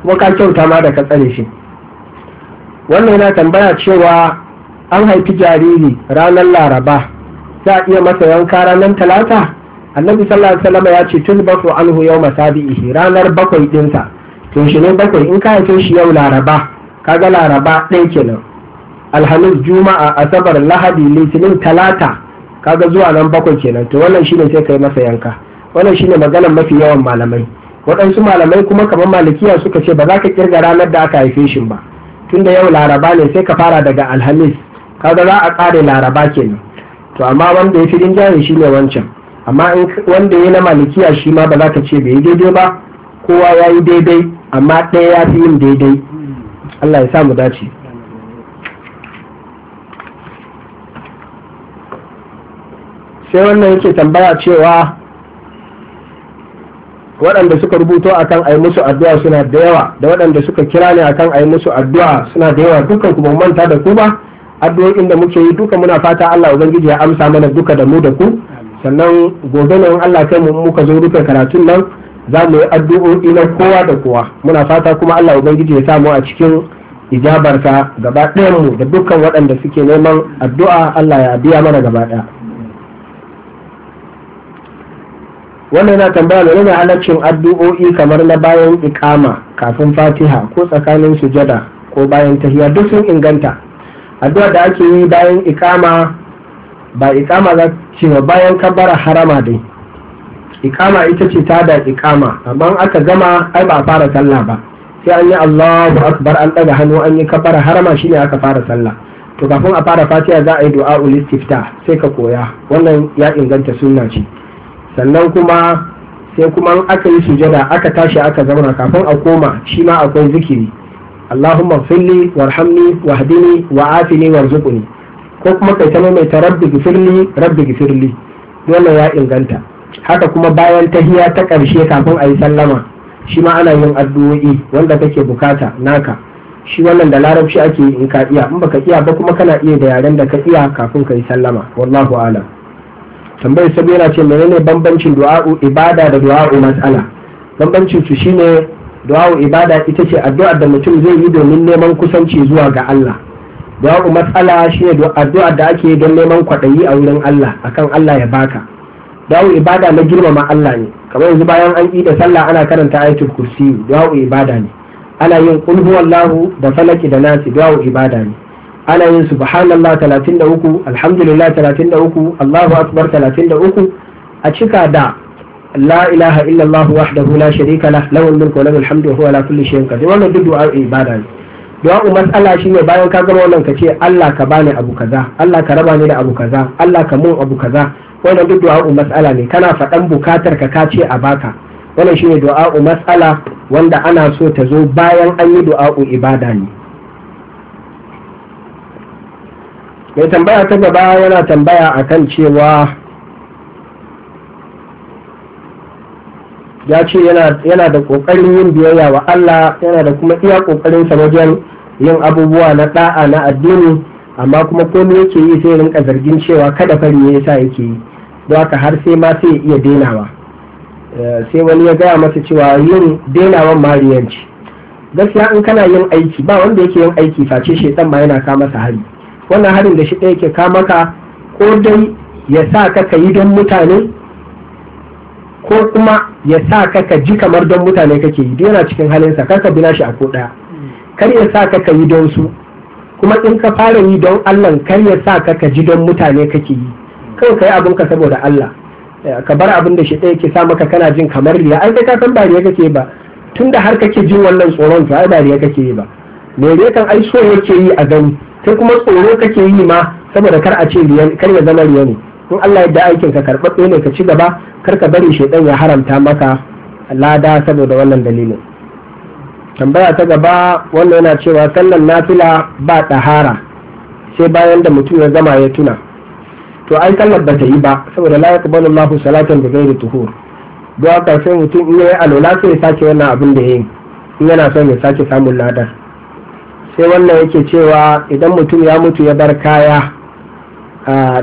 kuma ka kyauta ma da ka tsare shi wannan yana tambaya cewa an haifi jariri ranar laraba za a iya masa yanka ranar talata annabi sallallahu alaihi wasallam ya ce tun bafu anhu yau masabihi ranar bakwai dinsa to shi ne bakwai in ka haife shi yau laraba kaga laraba ɗaya kenan alhamis juma'a asabar lahadi litinin talata kaga zuwa nan bakwai kenan to wannan shine sai kai masa yanka wannan shine maganar mafi yawan malamai waɗansu malamai kuma kamar malikiya suka ce ba za ka kirga ranar da aka haife shi ba tunda yau laraba ne sai ka fara daga alhamis kaga za a kare laraba kenan to amma wanda ya fi rinjaye shi ne wancan amma wanda ya na malikiya shi ma ba za ka ce bai yi daidai ba kowa ya yi daidai amma ɗaya ya fi yin daidai allah ya sa mu dace sai wannan yake tambaya cewa waɗanda suka rubuto akan ai musu addu'a suna da yawa da waɗanda suka kira ne akan ai musu addu'a suna da yawa dukkan ku manta da ku ba addu'o'in da muke yi duka muna fata Allah ubangiji ya amsa mana duka da mu da ku sannan gobe ne Allah kai mu muka zo rufe karatun nan za mu yi addu'o'i na kowa da kowa muna fata kuma Allah ubangiji ya samu a cikin ijabarka gaba ɗayan mu da dukkan waɗanda suke neman addu'a Allah ya biya mana gaba ɗaya wannan yana tambaya da nuna halaccin addu'o'i kamar na bayan ikama kafin fatiha ko tsakanin sujada ko bayan tahiya duk sun inganta addu'a da ake yi bayan ikama ba ikama za ce ba bayan kabbara harama dai ikama ita ce ta da ikama amma aka gama ai ba a fara sallah ba sai an yi Allahu akbar an ɗaga hannu an yi kabbara harama shine aka fara sallah to kafin a fara fatiha za a yi du'a ulistifta sai ka koya wannan ya inganta sunna ce sannan kuma sai kuma aka yi sujada aka tashi aka zauna kafin a koma shi ma akwai zikiri Allahumma filli warhamni wahdini afini warzuqni ko kuma kai ta maimaita rabbi gifirli rabbi gifirli Dole ya inganta haka kuma bayan tahiya ta karshe kafin a yi sallama shi ma ana yin addu'o'i wanda kake bukata naka shi wannan da larabci ake yi in ka iya in baka iya ba kuma kana iya da yaren da ka iya kafin ka yi sallama wallahu alam tambayar sabi yana ce menene bambancin du'a'u ibada da du'a'u mas'ala bambancin su shine du'a'u ibada ita ce addu'ar da mutum zai yi domin neman kusanci zuwa ga Allah du'a'u mas'ala shine addu'ar da ake don neman kwaɗayi a wurin Allah akan Allah ya baka du'a'u ibada na girmama Allah ne kamar yanzu bayan an da sallah ana karanta ayatul kursi du'a'u ibada ne ana yin qul huwallahu da falaki da nasi du'a'u ibada ne ana yin subhanallah 33 alhamdulillah 33 Allahu akbar 33 a cika da la ilaha illallah wahdahu la sharika lah lahul mulku wa lahul hamdu wa huwa ala kulli shay'in qadir wannan duk du'a ibada ne du'a mas'ala shine bayan ka gama wannan ka ce Allah ka bani abu kaza Allah ka raba ni da abu kaza Allah ka mun abu kaza wannan duk du'a mas'ala ne kana faɗan bukatar ka ka ce a baka wannan shine du'a mas'ala wanda ana so ta zo bayan an yi du'a ibada ne mai tambaya ta gaba yana tambaya a kan cewa ya ce yana da ƙoƙarin yin biyayya wa Allah yana da kuma iya ƙoƙarinsa wajen yin abubuwa na ɗa'a na addini amma kuma komai yake yi sai rinka zargin cewa kada fari ya sa yake yi don haka har sai ma sai iya denawa eh, sai wani ya gaya masa cewa yin denawan mariyanci gaskiya in kana yin aiki ba wanda yake yin aiki face shaitan ma yana kama sa hari wannan harin da shi ɗaya ke kamaka ko dai ya sa ka ka yi don mutane ko kuma ya sa ka ka ji kamar don mutane kake yi yana cikin halinsa kar ka bina shi a ko ɗaya kar ya sa ka ka yi don su kuma in ka fara yi don Allah kar ya sa ka ka ji don mutane kake yi kawai ka yi abin ka saboda Allah ka bar abin da shi ɗaya ke sa maka kana jin kamar riya ai kai ka san ba riya kake ba tunda har kake jin wannan tsoron to ai ba riya kake yi ba me kan ai so yake yi a gani sai kuma tsoro kake yi ma saboda kar a ce kar ya zama riya ne in Allah yadda aikin ka karɓaɓɓe ne ka ci gaba kar ka bari shaidan ya haramta maka lada saboda wannan dalilin tambaya ta gaba wannan yana cewa sallan nafila ba ɗahara sai bayan da mutum ya zama ya tuna to ai sallar ba ta yi ba saboda la yaqbalu Allahu salatan bi ghairi tuhur don haka sai mutum in ya yi alola sai ya sake wannan abin da ya yi in yana son ya sake samun ladar sai wannan yake cewa idan mutum ya mutu ya bar kaya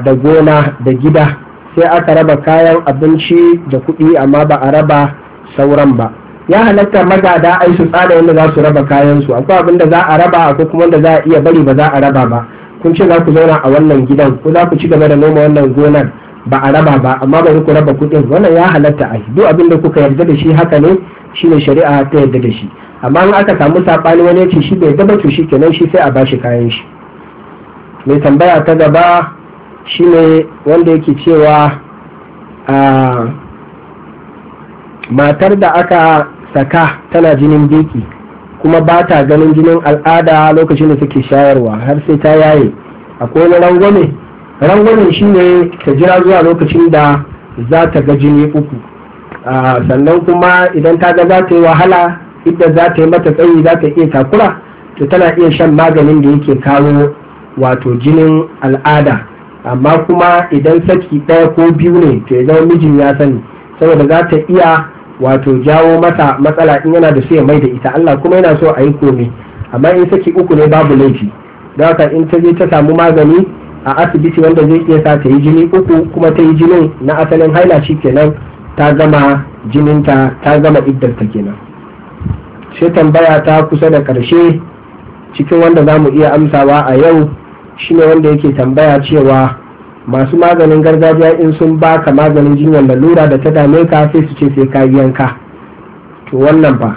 da gona da gida sai aka raba kayan abinci da kuɗi amma ba a raba sauran ba ya halatta magada ai su tsada wanda za su raba kayan su akwai abin da za a raba akwai kuma wanda za a iya bari ba za a raba ba kun ce za ku zauna a wannan gidan ko za ku ci gaba da noma wannan gonar ba a raba ba amma bari ku raba kuɗin wannan ya halatta ai duk abin da kuka yarda da shi haka ne shine shari'a ta yarda da shi amma in aka samu saɓani wani ya ce shi bai gaba to shi kenan shi sai a bashi kayan shi mai tambaya ta gaba shi ne wanda yake cewa matar da aka saka tana jinin biki kuma ba ta ganin jinin al'ada lokacin da take shayarwa har sai ta yaye akwai wani rangwame rangwamen shi ne ta jira zuwa lokacin da za ta ga jini uku sannan kuma idan ta ga za ta yi wahala idan da za ta yi mata tsayi za ta iya takura to tana iya shan maganin da yake kawo wato jinin al'ada amma kuma idan saki ɗaya ko biyu ne to ya zama mijin ya sani saboda za ta iya wato jawo mata matsala in yana da su ya mai da ita Allah kuma yana so a yi komai amma in saki uku ne babu laifi don haka in ta je ta samu magani a asibiti wanda zai iya sa ta yi jini uku kuma ta yi jinin na asalin haila shi kenan ta gama jininta ta gama iddarta kenan sai tambaya ta kusa da ƙarshe cikin wanda za mu iya amsawa a yau shine wanda yake tambaya cewa masu maganin gargajiya in sun baka maganin jinyar lalura da ta dame ka sai su ce sai ka yanka to wannan ba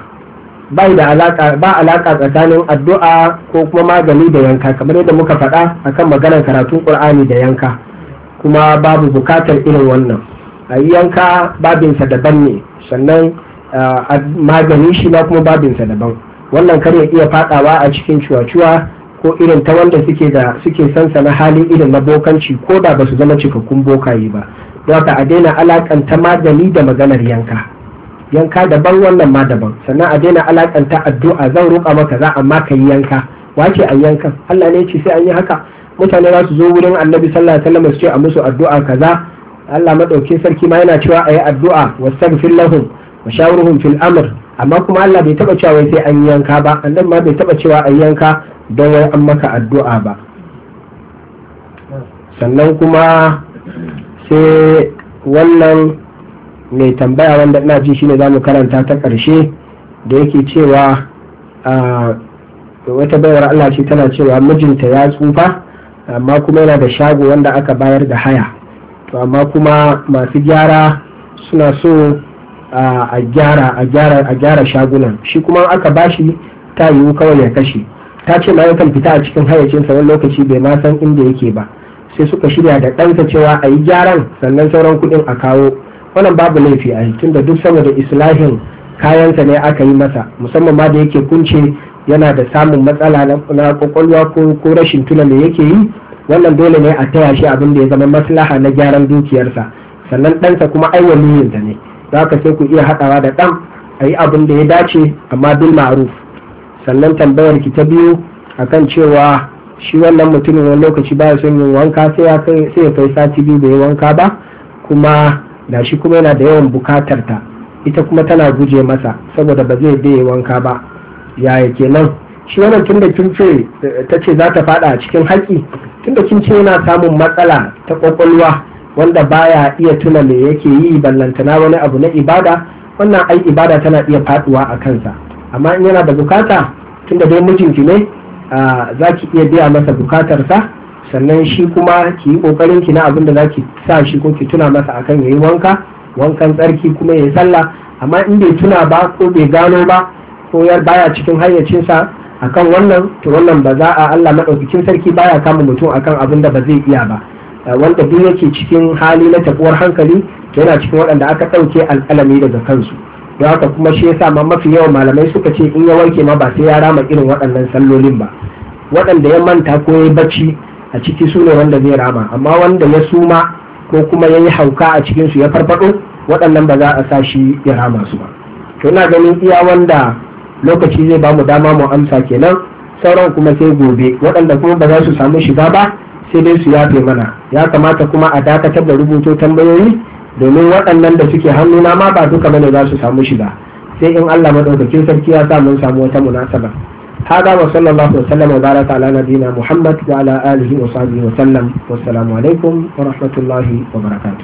bai da alaka ba alaka tsakanin addu'a ko kuma magani da yanka kamar yadda muka faɗa akan maganar karatun qur'ani da yanka kuma babu bukatar irin wannan a yanka babinsa daban ne sannan magani shi ba kuma babinsa daban wannan kar ya iya fadawa a cikin cuwa-cuwa ko irin ta wanda suke da sansa na halin irin na bokanci ko da ba su zama cikakkun bokaye ba haka a daina alakanta magani da maganar yanka yanka daban wannan ma daban sannan a daina alakanta addu'a zan roƙa maka za amma ka yi yanka wace a yanka? Allah ne ce sai an yi haka mutane za su zo wurin annabi sallallahu alaihi wasallam su ce a musu addu'a kaza Allah madaukin sarki ma yana cewa a yi addu'a wasu wastaghfir lahum wa fil amr amma kuma Allah bai taba cewa sai an yanka ba annan ma bai taba cewa an yanka don wai an maka addu'a ba sannan kuma sai wannan mai tambaya wanda ina ji shine zamu karanta ta karshe da yake cewa wata bayar Allah ce tana cewa mijinta ya tsufa amma kuma yana da shago wanda aka bayar da haya to amma kuma masu gyara suna so a gyara shagunan shi kuma aka ba shi ta yiwu kawai ya kashe ta ce ma yakan fita a cikin sa wani lokaci bai ma san inda yake ba sai suka shirya da ɗansa cewa a yi gyaran sannan sauran kuɗin a kawo wannan babu laifi a yi tunda duk saboda islahin kayansa ne aka yi masa musamman ma da yake kunce yana da samun matsala na kwakwalwa ko rashin tuna me yake yi wannan dole ne a taya shi abin da ya zama maslaha na gyaran dukiyarsa sannan ɗansa kuma aiwa ne za ka sai ku iya haɗawa da ɗan a yi abin da ya dace amma bil ma'ruf sannan tambayar ki ta biyu akan cewa shi wannan mutumin wani lokaci ba ya son yin wanka sai ya kai sati biyu bai wanka ba kuma da shi kuma yana da yawan bukatar ta ita kuma tana guje masa saboda ba zai bai wanka ba yaya kenan shi wannan tunda kin ce ta ce za ta fada a cikin haƙi tunda kin ce yana samun matsala ta kwakwalwa wanda baya iya tuna me yake yi ballantana wani abu na ibada wannan ai ibada tana iya faduwa a kansa amma in yana da bukata tunda dai mijinki ne za ki iya biya masa bukatarsa sannan shi kuma ki yi kokarin ki na abin da za sa shi ko ki tuna masa akan yayi wanka wankan tsarki kuma yayi sallah amma in bai tuna ba ko bai gano ba ko ya baya cikin hayyacinsa akan wannan to wannan ba za a Allah madaukakin sarki baya kama mutum akan abin da ba zai iya ba Eh, wanda duk yake cikin hali na tabuwar hankali yana cikin waɗanda aka ɗauke alƙalami daga kansu don haka kuma shi yasa ma mafi yawan malamai suka ce in ya wanke ma ba sai ya rama irin waɗannan sallolin ba waɗanda ya manta ko ya barci bacci a ciki su ne wanda zai rama amma wanda ya suma ko kuma ya yi hauka a cikin su ya farfaɗo waɗannan ba za a sa shi ya rama su ba to ina ganin iya wanda lokaci zai ba mu dama mu amsa kenan sauran kuma sai gobe waɗanda kuma ba za su samu shiga ba sai dai su yafe mana ya kamata kuma a dakatar da rubuto tambayoyi domin waɗannan da suke hannu na ma ba duka bane za su samu shiga sai in Allah madaukakin sarki ya sa mun samu wata munasaba hada wa sallallahu alaihi wasallam wa baraka ala muhammad wa ala alihi wa sahbihi wa sallam wassalamu alaikum wa rahmatullahi wa barakatuh